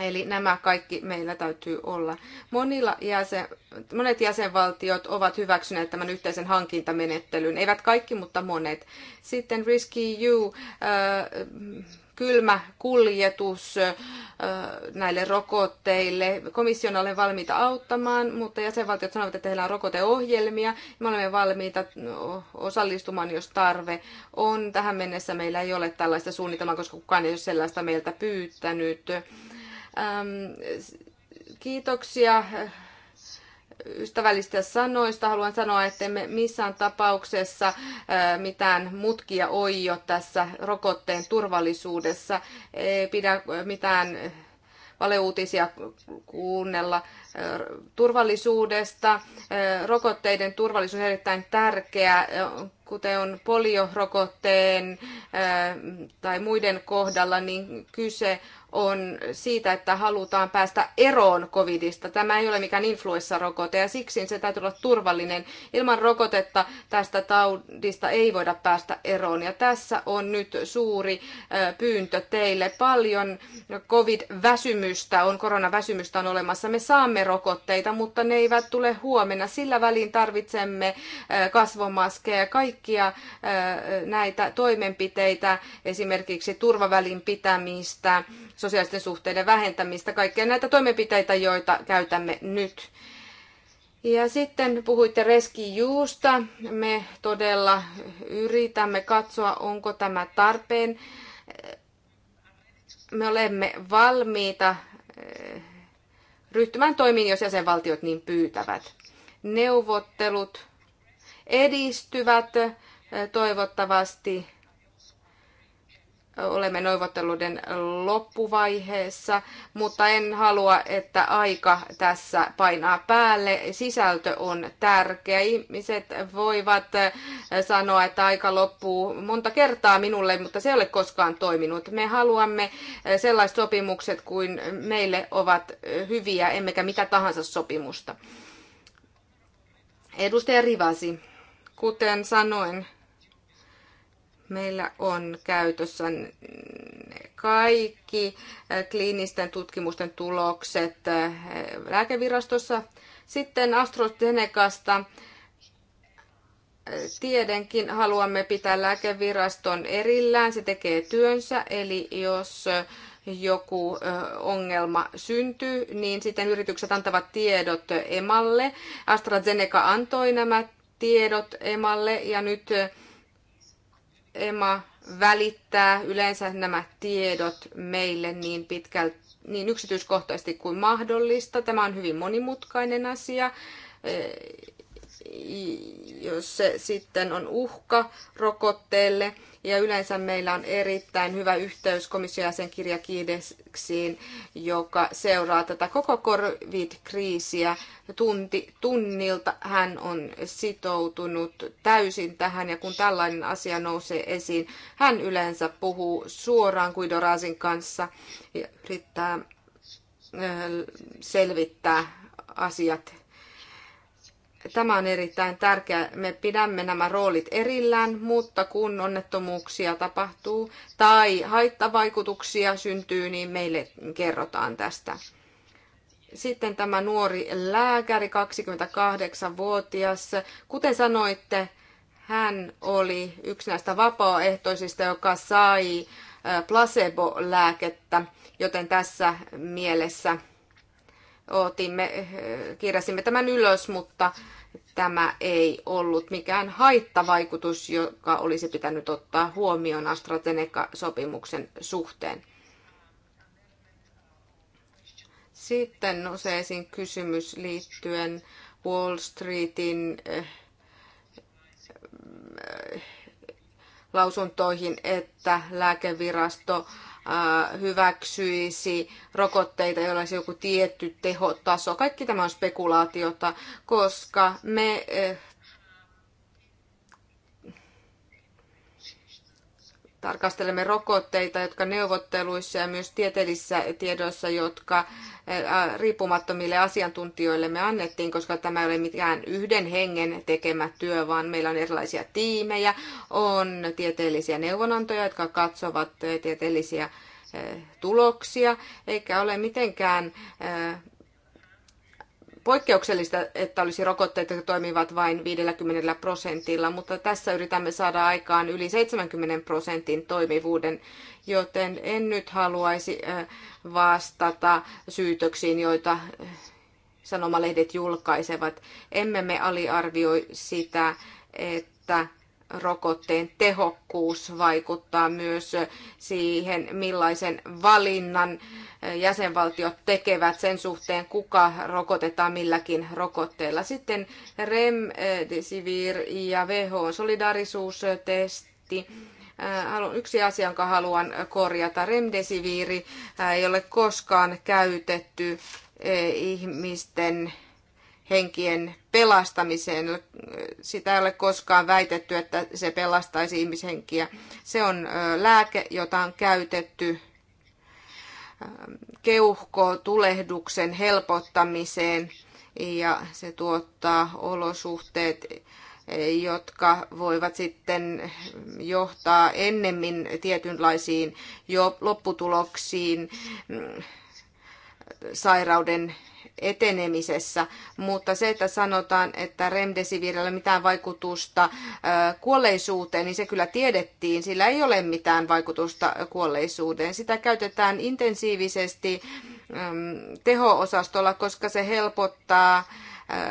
Eli nämä kaikki meillä täytyy olla. Monilla jäsen, monet jäsenvaltiot ovat hyväksyneet tämän yhteisen hankintamenettelyn. Eivät kaikki, mutta monet. Sitten Risky You, e kylmä kuljetus näille rokotteille. Komission olen valmiita auttamaan, mutta jäsenvaltiot sanovat, että heillä on rokoteohjelmia. Me olemme valmiita osallistumaan, jos tarve on. Tähän mennessä meillä ei ole tällaista suunnitelmaa, koska kukaan ei ole sellaista meiltä pyytänyt Ähm, kiitoksia äh, ystävällistä sanoista. Haluan sanoa, että emme missään tapauksessa äh, mitään mutkia oio tässä rokotteen turvallisuudessa. Ei pidä mitään valeuutisia kuunnella turvallisuudesta. Rokotteiden turvallisuus on erittäin tärkeä, kuten on poliorokotteen tai muiden kohdalla, niin kyse on siitä, että halutaan päästä eroon covidista. Tämä ei ole mikään influenssarokote ja siksi se täytyy olla turvallinen. Ilman rokotetta tästä taudista ei voida päästä eroon. Ja tässä on nyt suuri pyyntö teille. Paljon covid-väsymystä on, koronaväsymystä on olemassa. Me saamme saamme rokotteita, mutta ne eivät tule huomenna. Sillä välin tarvitsemme kasvomaskeja, kaikkia näitä toimenpiteitä, esimerkiksi turvavälin pitämistä, sosiaalisten suhteiden vähentämistä, kaikkia näitä toimenpiteitä, joita käytämme nyt. Ja sitten puhuitte reskijuusta. Me todella yritämme katsoa, onko tämä tarpeen. Me olemme valmiita ryhtymään toimiin, jos jäsenvaltiot niin pyytävät. Neuvottelut edistyvät eh, toivottavasti olemme neuvotteluiden loppuvaiheessa, mutta en halua, että aika tässä painaa päälle. Sisältö on tärkeä. Ihmiset voivat äh, sanoa, että aika loppuu monta kertaa minulle, mutta se ei ole koskaan toiminut. Me haluamme äh, sellaiset sopimukset kuin meille ovat äh, hyviä, emmekä mitä tahansa sopimusta. Edustaja Rivasi, kuten sanoin, Meillä on käytössä kaikki kliinisten tutkimusten tulokset lääkevirastossa. Sitten AstraZenecasta tietenkin haluamme pitää lääkeviraston erillään, se tekee työnsä, eli jos joku ongelma syntyy, niin sitten yritykset antavat tiedot emalle. AstraZeneca antoi nämä tiedot emalle ja nyt Emma välittää yleensä nämä tiedot meille niin pitkälti, niin yksityiskohtaisesti kuin mahdollista. Tämä on hyvin monimutkainen asia jos se sitten on uhka rokotteelle. Ja yleensä meillä on erittäin hyvä yhteys komission jäsenkirja joka seuraa tätä koko COVID-kriisiä. Tunti, tunnilta hän on sitoutunut täysin tähän ja kun tällainen asia nousee esiin, hän yleensä puhuu suoraan Guido kanssa ja yrittää selvittää asiat Tämä on erittäin tärkeää. Me pidämme nämä roolit erillään, mutta kun onnettomuuksia tapahtuu tai haittavaikutuksia syntyy, niin meille kerrotaan tästä. Sitten tämä nuori lääkäri, 28-vuotias. Kuten sanoitte, hän oli yksi näistä vapaaehtoisista, joka sai placebo-lääkettä, joten tässä mielessä – otimme, kirjasimme tämän ylös, mutta tämä ei ollut mikään haittavaikutus, joka olisi pitänyt ottaa huomioon AstraZeneca-sopimuksen suhteen. Sitten useisiin kysymys liittyen Wall Streetin eh, eh, lausuntoihin, että lääkevirasto hyväksyisi rokotteita, joilla olisi joku tietty tehotaso. Kaikki tämä on spekulaatiota, koska me eh, tarkastelemme rokotteita, jotka neuvotteluissa ja myös tieteellisissä tiedoissa, jotka riippumattomille asiantuntijoille me annettiin, koska tämä ei ole mikään yhden hengen tekemä työ, vaan meillä on erilaisia tiimejä, on tieteellisiä neuvonantoja, jotka katsovat tieteellisiä tuloksia, eikä ole mitenkään poikkeuksellista, että olisi rokotteita, jotka toimivat vain 50 prosentilla, mutta tässä yritämme saada aikaan yli 70 prosentin toimivuuden, joten en nyt haluaisi äh, vastata syytöksiin, joita äh, sanomalehdet julkaisevat. Emme me aliarvioi sitä, että rokotteen tehokkuus vaikuttaa myös siihen, millaisen valinnan jäsenvaltiot tekevät sen suhteen, kuka rokotetaan milläkin rokotteella. Sitten Remdesivir eh, ja WHO solidarisuustesti. Eh, yksi asia, jonka haluan korjata, remdesiviiri eh, ei ole koskaan käytetty ihmisten henkien pelastamiseen. Sitä ei ole koskaan väitetty, että se pelastaisi ihmishenkiä. Se on lääke, jota on käytetty keuhko tulehduksen helpottamiseen ja se tuottaa olosuhteet, e, jotka voivat sitten johtaa ennemmin tietynlaisiin jo lopputuloksiin mm, sairauden etenemisessä, mutta se, että sanotaan, että remdesivirillä ei ole mitään vaikutusta kuolleisuuteen, niin se kyllä tiedettiin. Sillä ei ole mitään vaikutusta kuolleisuuteen. Sitä käytetään intensiivisesti teho-osastolla, koska se helpottaa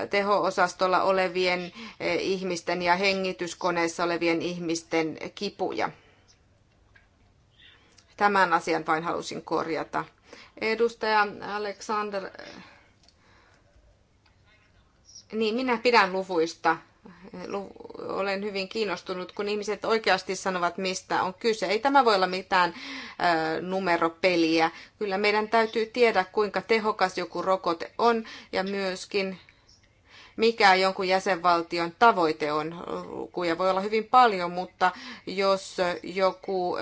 teho-osastolla olevien ihmisten ja hengityskoneessa olevien ihmisten kipuja. Tämän asian vain halusin korjata. Edustaja Alexander niin, minä pidän luvuista. Olen hyvin kiinnostunut, kun ihmiset oikeasti sanovat, mistä on kyse. Ei tämä voi olla mitään ö, numeropeliä. Kyllä meidän täytyy tiedä, kuinka tehokas joku rokote on ja myöskin mikä jonkun jäsenvaltion tavoite on. Lukuja voi olla hyvin paljon, mutta jos joku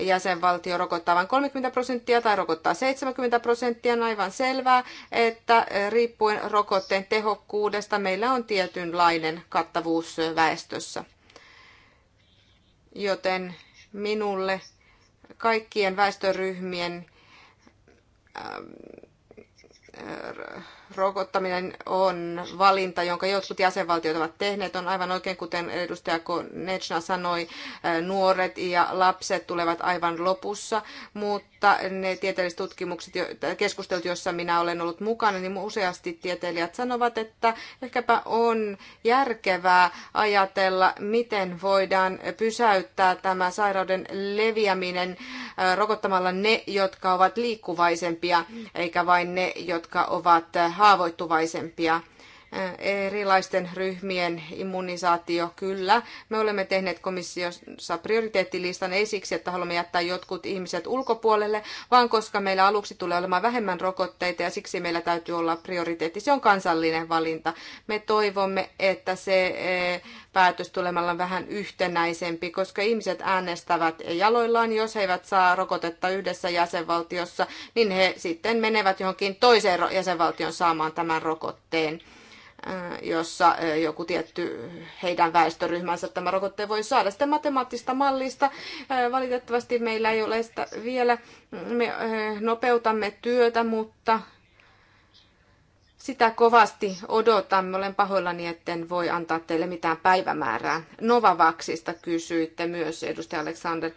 jäsenvaltio rokottaa vain 30 prosenttia tai rokottaa 70 prosenttia, on aivan selvää, että riippuen rokotteen tehokkuudesta meillä on tietynlainen kattavuus väestössä. Joten minulle kaikkien väestöryhmien rokottaminen on valinta, jonka jotkut jäsenvaltiot ovat tehneet. On aivan oikein, kuten edustaja Konechna sanoi, äh, nuoret ja lapset tulevat aivan lopussa, mutta ne tieteelliset tutkimukset, keskustelut, joissa minä olen ollut mukana, niin useasti tieteilijät sanovat, että ehkäpä on järkevää ajatella, miten voidaan pysäyttää tämä sairauden leviäminen äh, rokottamalla ne, jotka ovat liikkuvaisempia, eikä vain ne, jotka ovat äh, haavoittuvaisempia Äh, erilaisten ryhmien immunisaatio, kyllä. Me olemme tehneet komissiossa prioriteettilistan ei siksi, että haluamme jättää jotkut ihmiset ulkopuolelle, vaan koska meillä aluksi tulee olemaan vähemmän rokotteita ja siksi meillä täytyy olla prioriteetti. Se on kansallinen valinta. Me toivomme, että se äh, päätös tulemalla on vähän yhtenäisempi, koska ihmiset äänestävät jaloillaan. Jos he eivät saa rokotetta yhdessä jäsenvaltiossa, niin he sitten menevät johonkin toiseen jäsenvaltion saamaan tämän rokotteen jossa joku tietty heidän väestöryhmänsä tämä rokotteen voi saada. Sitä matemaattista mallista valitettavasti meillä ei ole sitä vielä. Me nopeutamme työtä, mutta sitä kovasti odotamme. Olen pahoillani, etten voi antaa teille mitään päivämäärää. Novavaksista kysyitte myös, edustaja Alexander.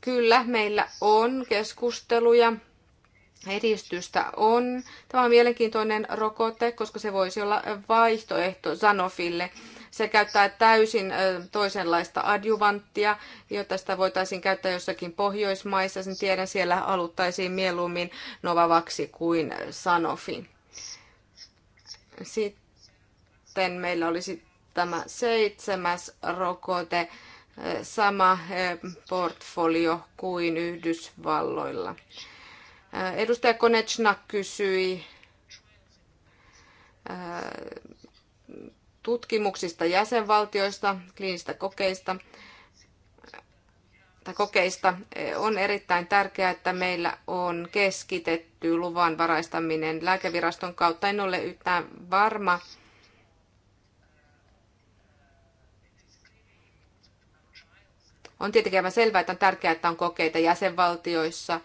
Kyllä, meillä on keskusteluja edistystä on. Tämä on mielenkiintoinen rokote, koska se voisi olla vaihtoehto Zanofille. Se käyttää täysin toisenlaista adjuvanttia, jota sitä voitaisiin käyttää jossakin Pohjoismaissa. Sen tiedän, siellä aluttaisiin mieluummin Novavaksi kuin Sanofi. Sitten meillä olisi tämä seitsemäs rokote, sama portfolio kuin Yhdysvalloilla. Edustaja Konechna kysyi tutkimuksista jäsenvaltioista, kliinistä kokeista tai kokeista on erittäin tärkeää, että meillä on keskitetty luvan varaistaminen lääkeviraston kautta. En ole yhtään varma, On tietenkin aivan selvää, että on tärkeää, että on kokeita jäsenvaltioissa –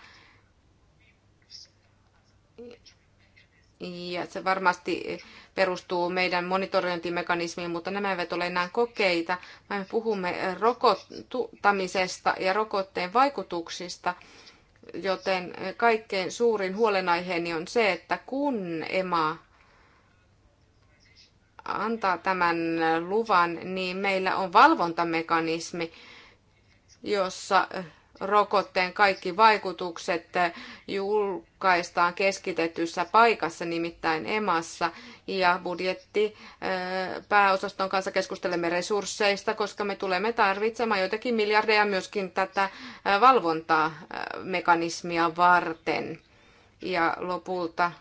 ja se varmasti perustuu meidän monitorointimekanismiin, mutta nämä eivät ole enää kokeita. Me puhumme rokottamisesta ja rokotteen vaikutuksista, joten kaikkein suurin huolenaiheeni on se, että kun EMA antaa tämän luvan, niin meillä on valvontamekanismi, jossa rokotteen kaikki vaikutukset julkaistaan keskitetyssä paikassa, nimittäin EMassa. Ja budjetti pääosaston kanssa keskustelemme resursseista, koska me tulemme tarvitsemaan joitakin miljardeja myöskin tätä valvontamekanismia varten. Ja lopulta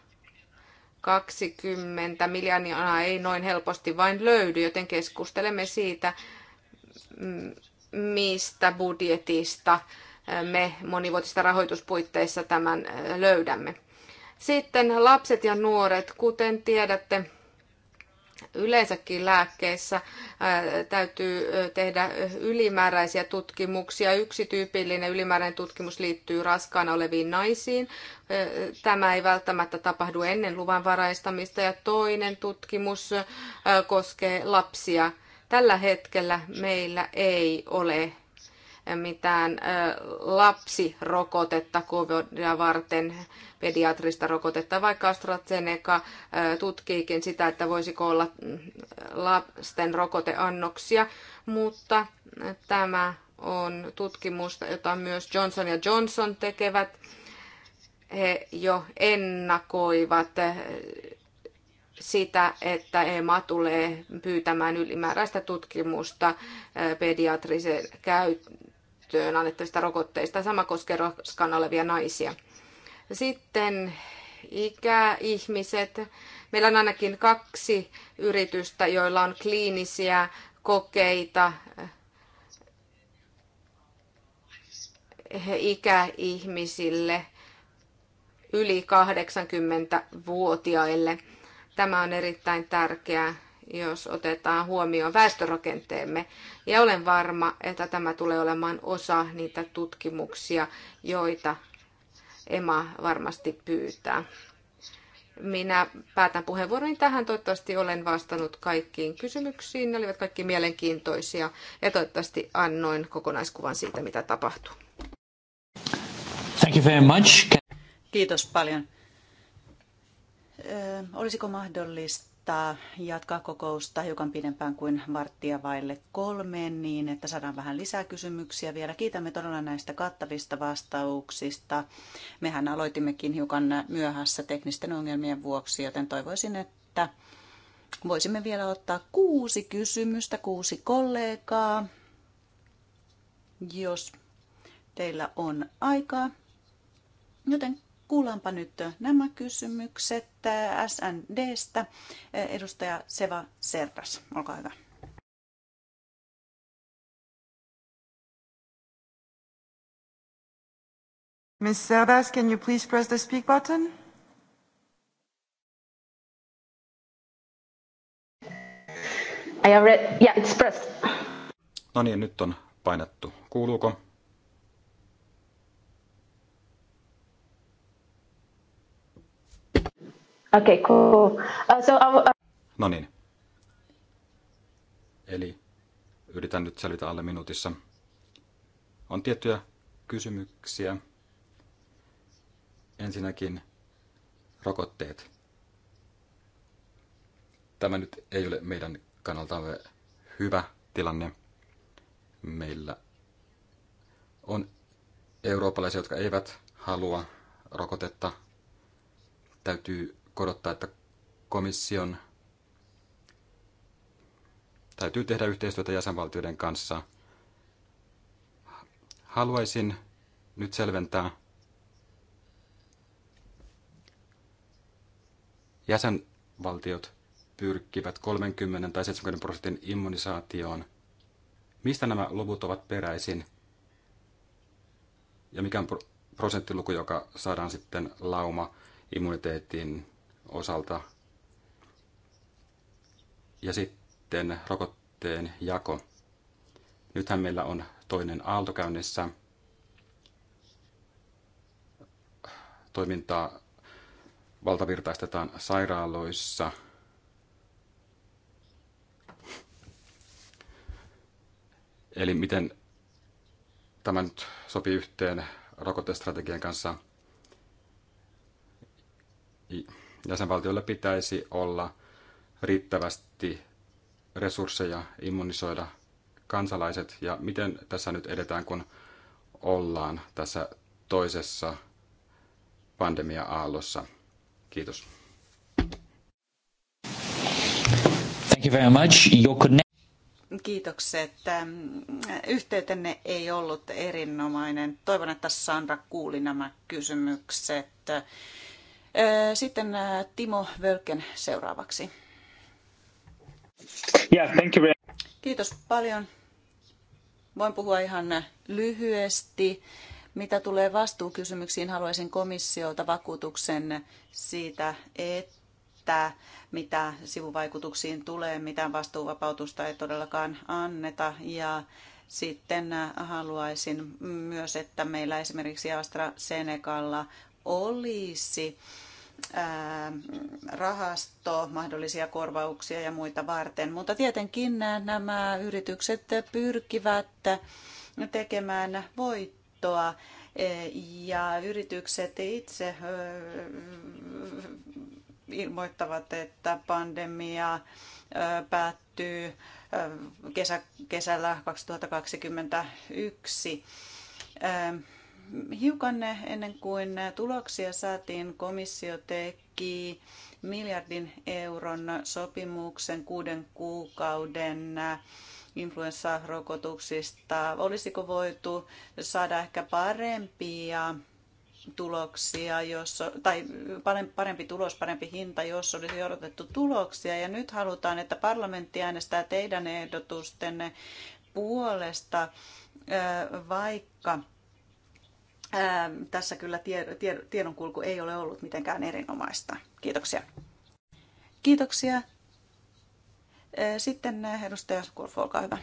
20 miljardia ei noin helposti vain löydy, joten keskustelemme siitä, mistä budjetista me monivuotisista rahoituspuitteissa tämän löydämme. Sitten lapset ja nuoret, kuten tiedätte, yleensäkin lääkkeissä täytyy tehdä ylimääräisiä tutkimuksia. Yksi tyypillinen ylimääräinen tutkimus liittyy raskaana oleviin naisiin. Tämä ei välttämättä tapahdu ennen luvan varaistamista. Ja toinen tutkimus koskee lapsia – Tällä hetkellä meillä ei ole mitään lapsirokotetta COVIDia varten, pediatrista rokotetta, vaikka AstraZeneca tutkiikin sitä, että voisiko olla mm, lasten rokoteannoksia, mutta tämä on tutkimusta, jota myös Johnson ja Johnson tekevät. He jo ennakoivat sitä, että EMA tulee pyytämään ylimääräistä tutkimusta eh, pediatrisen käyttöön annettavista rokotteista. Sama koskee roskan olevia naisia. Sitten ikäihmiset. Meillä on ainakin kaksi yritystä, joilla on kliinisiä kokeita ikäihmisille yli 80-vuotiaille Tämä on erittäin tärkeää, jos otetaan huomioon väestörakenteemme. Ja olen varma, että tämä tulee olemaan osa niitä tutkimuksia, joita EMA varmasti pyytää. Minä päätän puheenvuoroni tähän. Toivottavasti olen vastannut kaikkiin kysymyksiin. Ne olivat kaikki mielenkiintoisia ja toivottavasti annoin kokonaiskuvan siitä, mitä tapahtuu. Thank you very much. Kiitos paljon olisiko mahdollista jatkaa kokousta hiukan pidempään kuin varttia vaille kolmeen, niin että saadaan vähän lisää kysymyksiä vielä. Kiitämme todella näistä kattavista vastauksista. Mehän aloitimmekin hiukan myöhässä teknisten ongelmien vuoksi, joten toivoisin, että voisimme vielä ottaa kuusi kysymystä, kuusi kollegaa, jos teillä on aikaa. Joten Kuullaanpa nyt nämä kysymykset SNDstä. Edustaja Seva Serras, olkaa hyvä. Ms. Serdas, can you please press the speak button? I already, yeah, it's pressed. No niin, nyt on painettu. Kuuluuko? Okay, cool. Uh, so uh... No niin. Eli yritän nyt selvitä alle minuutissa. On tiettyjä kysymyksiä. Ensinnäkin rokotteet. Tämä nyt ei ole meidän kannaltamme hyvä tilanne. Meillä on eurooppalaisia, jotka eivät halua rokotetta. Täytyy korottaa, että komission täytyy tehdä yhteistyötä jäsenvaltioiden kanssa. Haluaisin nyt selventää jäsenvaltiot pyrkivät 30 tai 70 prosentin immunisaatioon. Mistä nämä luvut ovat peräisin? Ja mikä on prosenttiluku, joka saadaan sitten lauma immuniteettiin osalta. Ja sitten rokotteen jako. Nythän meillä on toinen aalto käynnissä. Toimintaa valtavirtaistetaan sairaaloissa. Eli miten tämä nyt sopii yhteen rokotestrategian kanssa? jäsenvaltioilla pitäisi olla riittävästi resursseja immunisoida kansalaiset ja miten tässä nyt edetään, kun ollaan tässä toisessa pandemia-aallossa. Kiitos. Thank you very much. connect- Kiitokset. Yhteytenne ei ollut erinomainen. Toivon, että Sandra kuuli nämä kysymykset. Sitten Timo Völken seuraavaksi. Yeah, thank you. Kiitos paljon. Voin puhua ihan lyhyesti. Mitä tulee vastuukysymyksiin, haluaisin komissiolta vakuutuksen siitä, että mitä sivuvaikutuksiin tulee, mitään vastuuvapautusta ei todellakaan anneta. Ja sitten haluaisin myös, että meillä esimerkiksi AstraZenecalla olisi rahasto mahdollisia korvauksia ja muita varten. Mutta tietenkin nämä yritykset pyrkivät tekemään voittoa e, ja yritykset itse ilmoittavat, että pandemia päättyy kesä, kesällä 2021 hiukan ennen kuin tuloksia saatiin, komissio teki miljardin euron sopimuksen kuuden kuukauden influenssarokotuksista. Olisiko voitu saada ehkä parempia tuloksia, jos, tai parempi tulos, parempi hinta, jos olisi odotettu tuloksia. Ja nyt halutaan, että parlamentti äänestää teidän ehdotustenne puolesta, vaikka Ähm, tässä kyllä tiedonkulku ei ole ollut mitenkään erinomaista. Kiitoksia. Kiitoksia. Äh, sitten äh, edustaja Skurf, olkaa hyvä.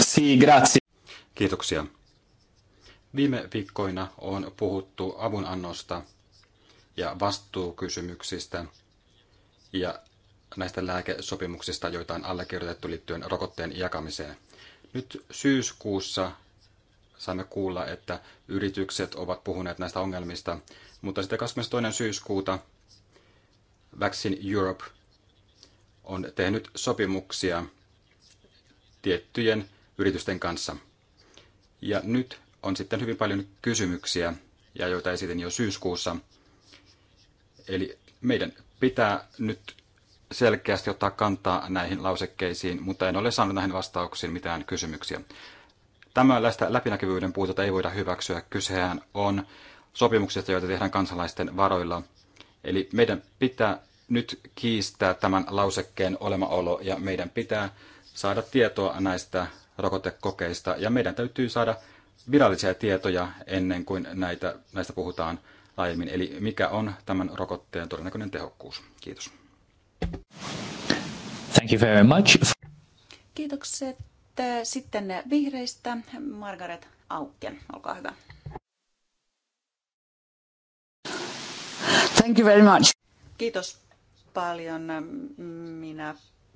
Si, grazie. Kiitoksia. Viime viikkoina on puhuttu avunannosta ja vastuukysymyksistä ja näistä lääkesopimuksista, joita on allekirjoitettu liittyen rokotteen jakamiseen – nyt syyskuussa saimme kuulla, että yritykset ovat puhuneet näistä ongelmista, mutta sitten 22. syyskuuta Vaccine Europe on tehnyt sopimuksia tiettyjen yritysten kanssa. Ja nyt on sitten hyvin paljon kysymyksiä, ja joita esitin jo syyskuussa. Eli meidän pitää nyt selkeästi ottaa kantaa näihin lausekkeisiin, mutta en ole saanut näihin vastauksiin mitään kysymyksiä. Tämänlaista läpinäkyvyyden puutetta ei voida hyväksyä. Kysehän on sopimuksista, joita tehdään kansalaisten varoilla. Eli meidän pitää nyt kiistää tämän lausekkeen olemaolo ja meidän pitää saada tietoa näistä rokotekokeista ja meidän täytyy saada virallisia tietoja ennen kuin näitä, näistä puhutaan laajemmin. Eli mikä on tämän rokotteen todennäköinen tehokkuus? Kiitos. Thank you very much. Kiitokset. Sitten vihreistä Margaret Auken, olkaa hyvä. Thank you very much. Kiitos paljon. Minä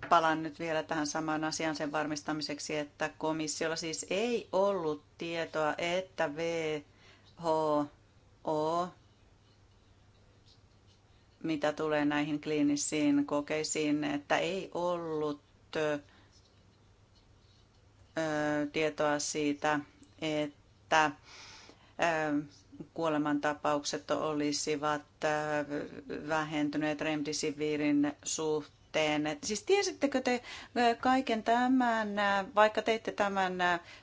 palaan nyt vielä tähän samaan asiaan sen varmistamiseksi, että komissiolla siis ei ollut tietoa, että WHO mitä tulee näihin kliinisiin kokeisiin, että ei ollut tietoa siitä, että kuolemantapaukset olisivat vähentyneet remdesivirin suhteen suhteen. Siis tiesittekö te kaiken tämän, vaikka teitte tämän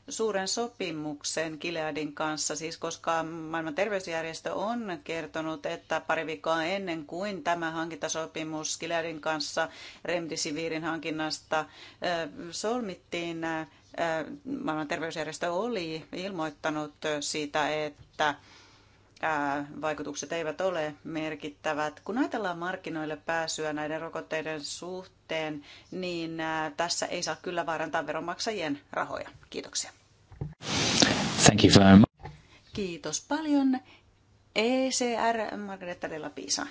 suuren sopimuksen Gileadin kanssa, siis koska maailman terveysjärjestö on kertonut, että pari viikkoa ennen kuin tämä hankintasopimus Gileadin kanssa Remdesivirin hankinnasta solmittiin, maailman terveysjärjestö oli ilmoittanut siitä, että vaikutukset eivät ole merkittävät. Kun ajatellaan markkinoille pääsyä näiden rokotteiden suhteen, niin tässä ei saa kyllä vaarantaa veronmaksajien rahoja. Kiitoksia. Thank you very much. Kiitos paljon. ECR Margareta de la Pisa.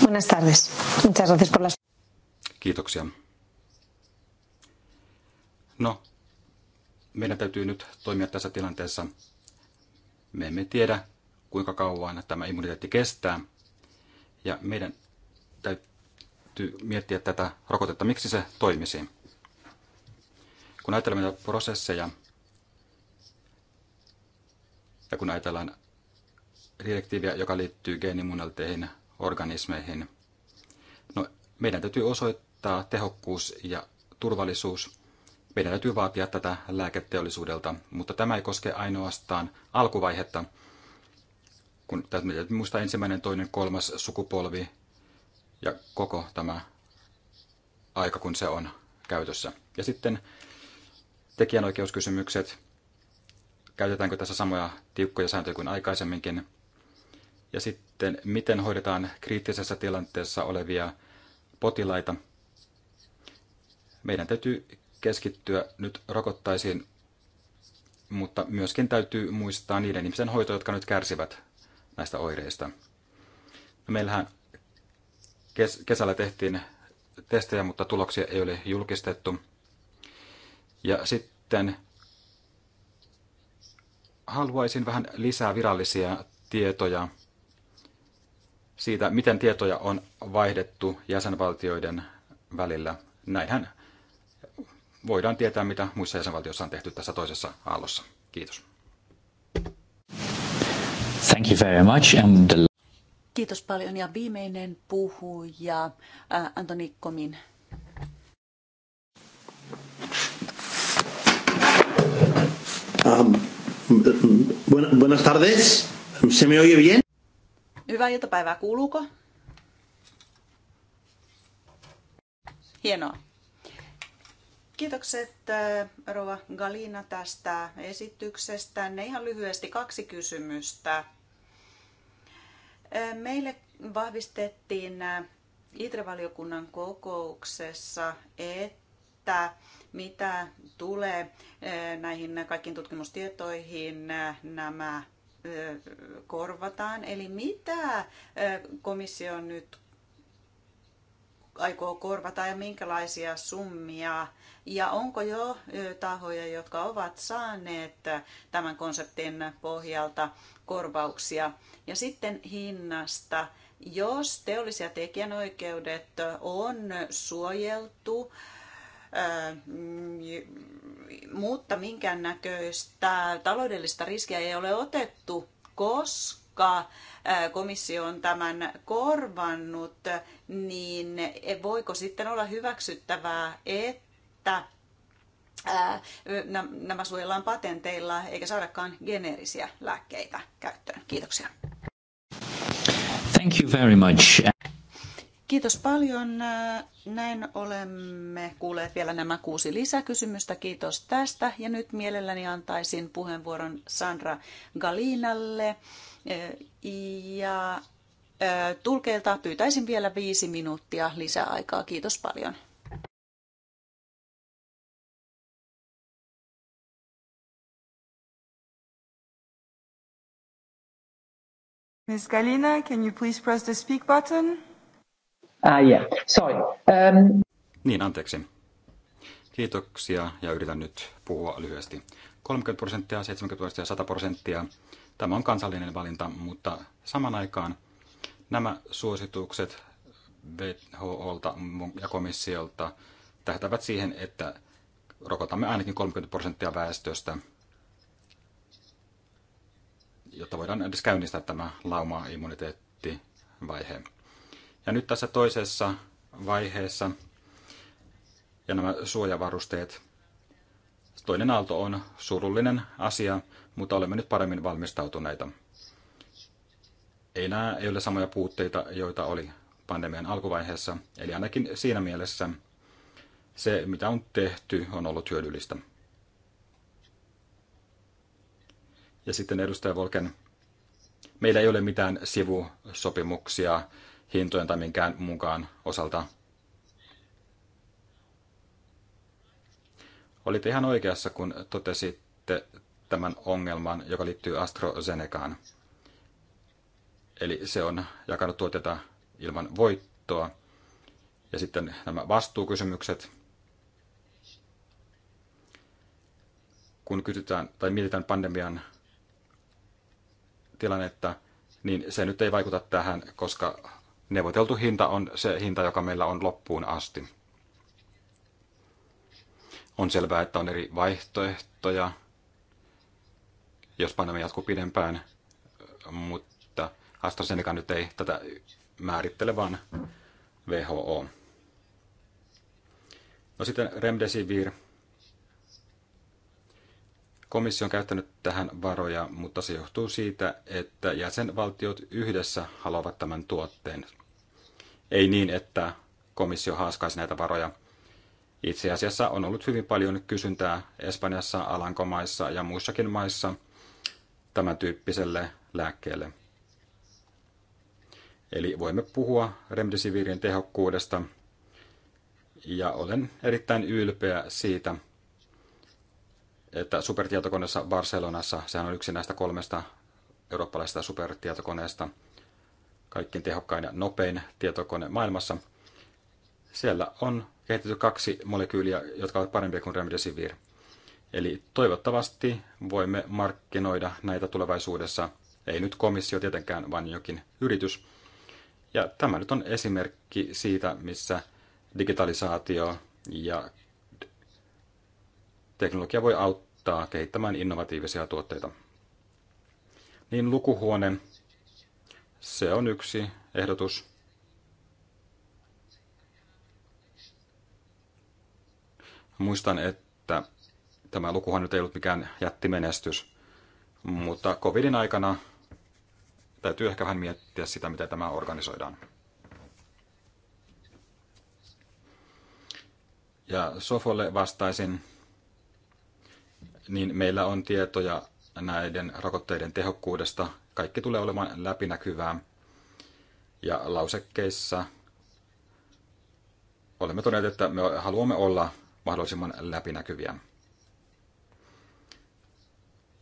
Buenas tardes. Muchas gracias por las... Kiitoksia. No, meidän täytyy nyt toimia tässä tilanteessa. Me emme tiedä, kuinka kauan tämä immuniteetti kestää. Ja meidän täytyy miettiä tätä rokotetta, miksi se toimisi. Kun ajatellaan näitä prosesseja ja kun ajatellaan direktiiviä, joka liittyy geenimuunnelteihin organismeihin, no, meidän täytyy osoittaa tehokkuus ja turvallisuus – meidän täytyy vaatia tätä lääketeollisuudelta, mutta tämä ei koske ainoastaan alkuvaihetta, kun täytyy muistaa ensimmäinen, toinen, kolmas sukupolvi ja koko tämä aika, kun se on käytössä. Ja sitten tekijänoikeuskysymykset. Käytetäänkö tässä samoja tiukkoja sääntöjä kuin aikaisemminkin? Ja sitten, miten hoidetaan kriittisessä tilanteessa olevia potilaita? Meidän täytyy keskittyä nyt rokottaisiin, mutta myöskin täytyy muistaa niiden ihmisten hoito, jotka nyt kärsivät näistä oireista. No meillähän kes- kesällä tehtiin testejä, mutta tuloksia ei ole julkistettu. Ja sitten haluaisin vähän lisää virallisia tietoja siitä, miten tietoja on vaihdettu jäsenvaltioiden välillä. Näinhän voidaan tietää, mitä muissa jäsenvaltioissa on tehty tässä toisessa aallossa. Kiitos. Thank you very much. And the... Kiitos paljon. Ja viimeinen puhuja, äh, Antoni Komin. Um, buenas tardes. Se me oye bien? Hyvää iltapäivää. Kuuluuko? Hienoa. Kiitokset äh, Rova Galina tästä esityksestä. Ne ihan lyhyesti kaksi kysymystä. Äh, meille vahvistettiin äh, ITRE-valiokunnan kokouksessa, että mitä tulee näihin kaikkiin tutkimustietoihin, nämä korvataan. Eli mitä komissio nyt aikoo korvata ja minkälaisia summia. Ja onko jo tahoja, jotka ovat saaneet tämän konseptin pohjalta korvauksia. Ja sitten hinnasta. Jos teollisia tekijänoikeudet on suojeltu, mutta minkäännäköistä taloudellista riskiä ei ole otettu, koska koska komissio on tämän korvannut, niin voiko sitten olla hyväksyttävää, että nämä suojellaan patenteilla eikä saadakaan geneerisiä lääkkeitä käyttöön. Kiitoksia. Thank you very much. Kiitos paljon. Näin olemme kuulleet vielä nämä kuusi lisäkysymystä. Kiitos tästä. Ja nyt mielelläni antaisin puheenvuoron Sandra Galinalle ja tulkeilta pyytäisin vielä viisi minuuttia lisäaikaa. Kiitos paljon. Ms. Galina, can you please press the speak button? Ah, yeah. Sorry. Um... Niin, anteeksi. Kiitoksia ja yritän nyt puhua lyhyesti. 30 prosenttia, 70 prosenttia, 100 prosenttia. Tämä on kansallinen valinta, mutta saman aikaan nämä suositukset WHOlta ja komissiolta tähtävät siihen, että rokotamme ainakin 30 prosenttia väestöstä, jotta voidaan edes käynnistää tämä lauma-immuniteettivaihe. Ja nyt tässä toisessa vaiheessa ja nämä suojavarusteet. Toinen aalto on surullinen asia, mutta olemme nyt paremmin valmistautuneita. Ei nämä ei ole samoja puutteita, joita oli pandemian alkuvaiheessa, eli ainakin siinä mielessä se, mitä on tehty, on ollut hyödyllistä. Ja sitten edustaja Volken, meillä ei ole mitään sivusopimuksia hintojen tai minkään mukaan osalta. Olitte ihan oikeassa, kun totesitte tämän ongelman, joka liittyy AstraZenecaan. Eli se on jakanut tuotetta ilman voittoa. Ja sitten nämä vastuukysymykset. Kun kysytään tai mietitään pandemian tilannetta, niin se nyt ei vaikuta tähän, koska neuvoteltu hinta on se hinta, joka meillä on loppuun asti. On selvää, että on eri vaihtoehtoja jos pandemia jatkuu pidempään, mutta AstraZeneca nyt ei tätä määrittele, vaan WHO. No sitten Remdesivir. Komissio on käyttänyt tähän varoja, mutta se johtuu siitä, että jäsenvaltiot yhdessä haluavat tämän tuotteen. Ei niin, että komissio haaskaisi näitä varoja. Itse asiassa on ollut hyvin paljon kysyntää Espanjassa, Alankomaissa ja muissakin maissa – tämän tyyppiselle lääkkeelle. Eli voimme puhua remdesivirin tehokkuudesta ja olen erittäin ylpeä siitä, että supertietokoneessa Barcelonassa, sehän on yksi näistä kolmesta eurooppalaisesta supertietokoneesta, kaikkein tehokkain ja nopein tietokone maailmassa, siellä on kehitetty kaksi molekyyliä, jotka ovat parempia kuin remdesivir. Eli toivottavasti voimme markkinoida näitä tulevaisuudessa, ei nyt komissio tietenkään, vaan jokin yritys. Ja tämä nyt on esimerkki siitä, missä digitalisaatio ja teknologia voi auttaa kehittämään innovatiivisia tuotteita. Niin lukuhuone, se on yksi ehdotus. Muistan, että Tämä lukuhan nyt ei ollut mikään jättimenestys, mutta covidin aikana täytyy ehkä vähän miettiä sitä, miten tämä organisoidaan. Ja Sofolle vastaisin, niin meillä on tietoja näiden rokotteiden tehokkuudesta. Kaikki tulee olemaan läpinäkyvää. Ja lausekkeissa olemme todenneet, että me haluamme olla mahdollisimman läpinäkyviä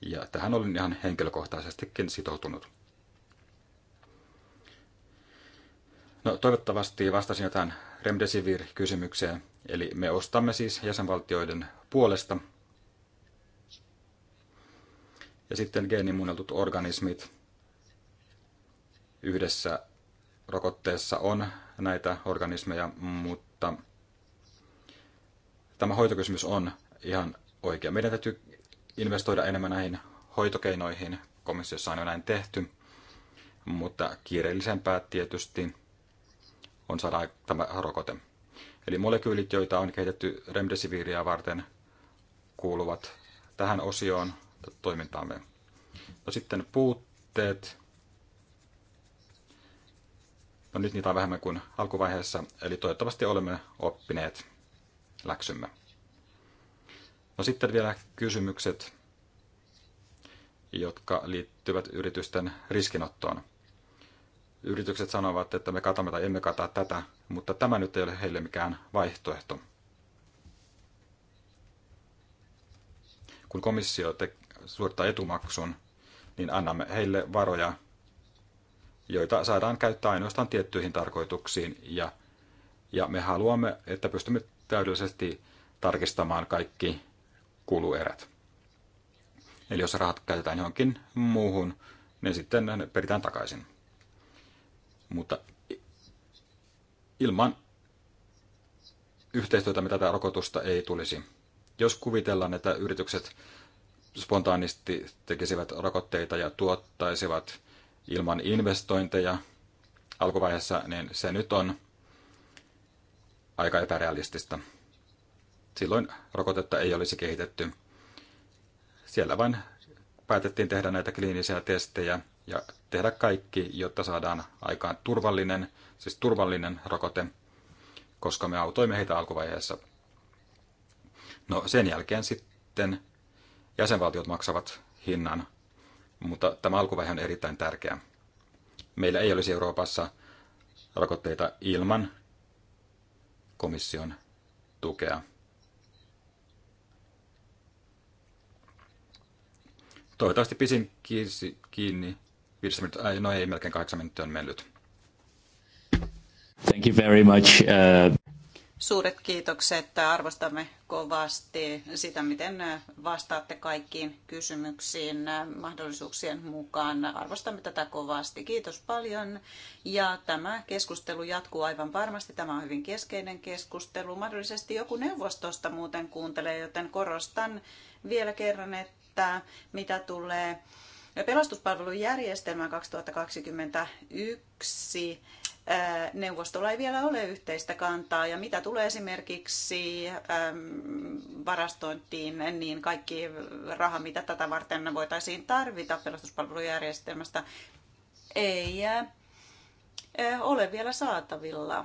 ja tähän olin ihan henkilökohtaisestikin sitoutunut. No, toivottavasti vastasin jotain Remdesivir-kysymykseen. Eli me ostamme siis jäsenvaltioiden puolesta. Ja sitten geenimuunneltut organismit. Yhdessä rokotteessa on näitä organismeja, mutta tämä hoitokysymys on ihan oikea. Meidän täytyy investoida enemmän näihin hoitokeinoihin. Komissiossa on jo näin tehty, mutta kiireellisempää tietysti on saada tämä rokote. Eli molekyylit, joita on kehitetty remdesiviiriä varten, kuuluvat tähän osioon toimintaamme. No sitten puutteet. No nyt niitä on vähemmän kuin alkuvaiheessa, eli toivottavasti olemme oppineet läksymme. No sitten vielä kysymykset, jotka liittyvät yritysten riskinottoon. Yritykset sanovat, että me katamme tai emme kata tätä, mutta tämä nyt ei ole heille mikään vaihtoehto. Kun komissio te- suorittaa etumaksun, niin annamme heille varoja, joita saadaan käyttää ainoastaan tiettyihin tarkoituksiin ja, ja me haluamme, että pystymme täydellisesti tarkistamaan kaikki kuluerät. Eli jos rahat käytetään johonkin muuhun, niin sitten ne peritään takaisin. Mutta ilman yhteistyötä mitä tätä rokotusta ei tulisi. Jos kuvitellaan, että yritykset spontaanisti tekisivät rokotteita ja tuottaisivat ilman investointeja alkuvaiheessa, niin se nyt on aika epärealistista silloin rokotetta ei olisi kehitetty. Siellä vain päätettiin tehdä näitä kliinisiä testejä ja tehdä kaikki, jotta saadaan aikaan turvallinen, siis turvallinen rokote, koska me autoimme heitä alkuvaiheessa. No sen jälkeen sitten jäsenvaltiot maksavat hinnan, mutta tämä alkuvaihe on erittäin tärkeä. Meillä ei olisi Euroopassa rokotteita ilman komission tukea. Toivottavasti pisin kiinni viisi minuuttia, no ei, melkein kahdeksan minuuttia on mennyt. Thank you very much. Uh... Suuret kiitokset. Arvostamme kovasti sitä, miten vastaatte kaikkiin kysymyksiin mahdollisuuksien mukaan. Arvostamme tätä kovasti. Kiitos paljon. Ja tämä keskustelu jatkuu aivan varmasti. Tämä on hyvin keskeinen keskustelu. Mahdollisesti joku neuvostosta muuten kuuntelee, joten korostan vielä kerran, että että mitä tulee pelastuspalvelun järjestelmään 2021, äh, neuvostolla ei vielä ole yhteistä kantaa ja mitä tulee esimerkiksi ähm, varastointiin, niin kaikki raha, mitä tätä varten voitaisiin tarvita pelastuspalvelujärjestelmästä, ei äh, ole vielä saatavilla.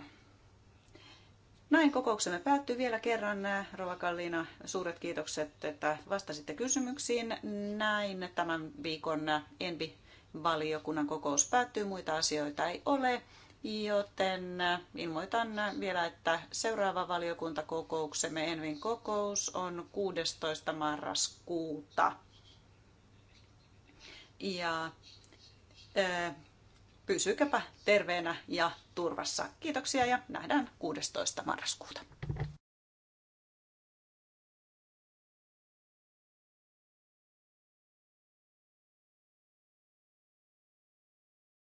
Näin kokouksemme päättyy vielä kerran. Rova Kalliina, suuret kiitokset, että vastasitte kysymyksiin. Näin tämän viikon envi valiokunnan kokous päättyy. Muita asioita ei ole, joten ilmoitan vielä, että seuraava valiokuntakokouksemme ENVin kokous on 16. marraskuuta. Ja pysykäpä terveenä ja turvassa. Kiitoksia ja nähdään 16. marraskuuta.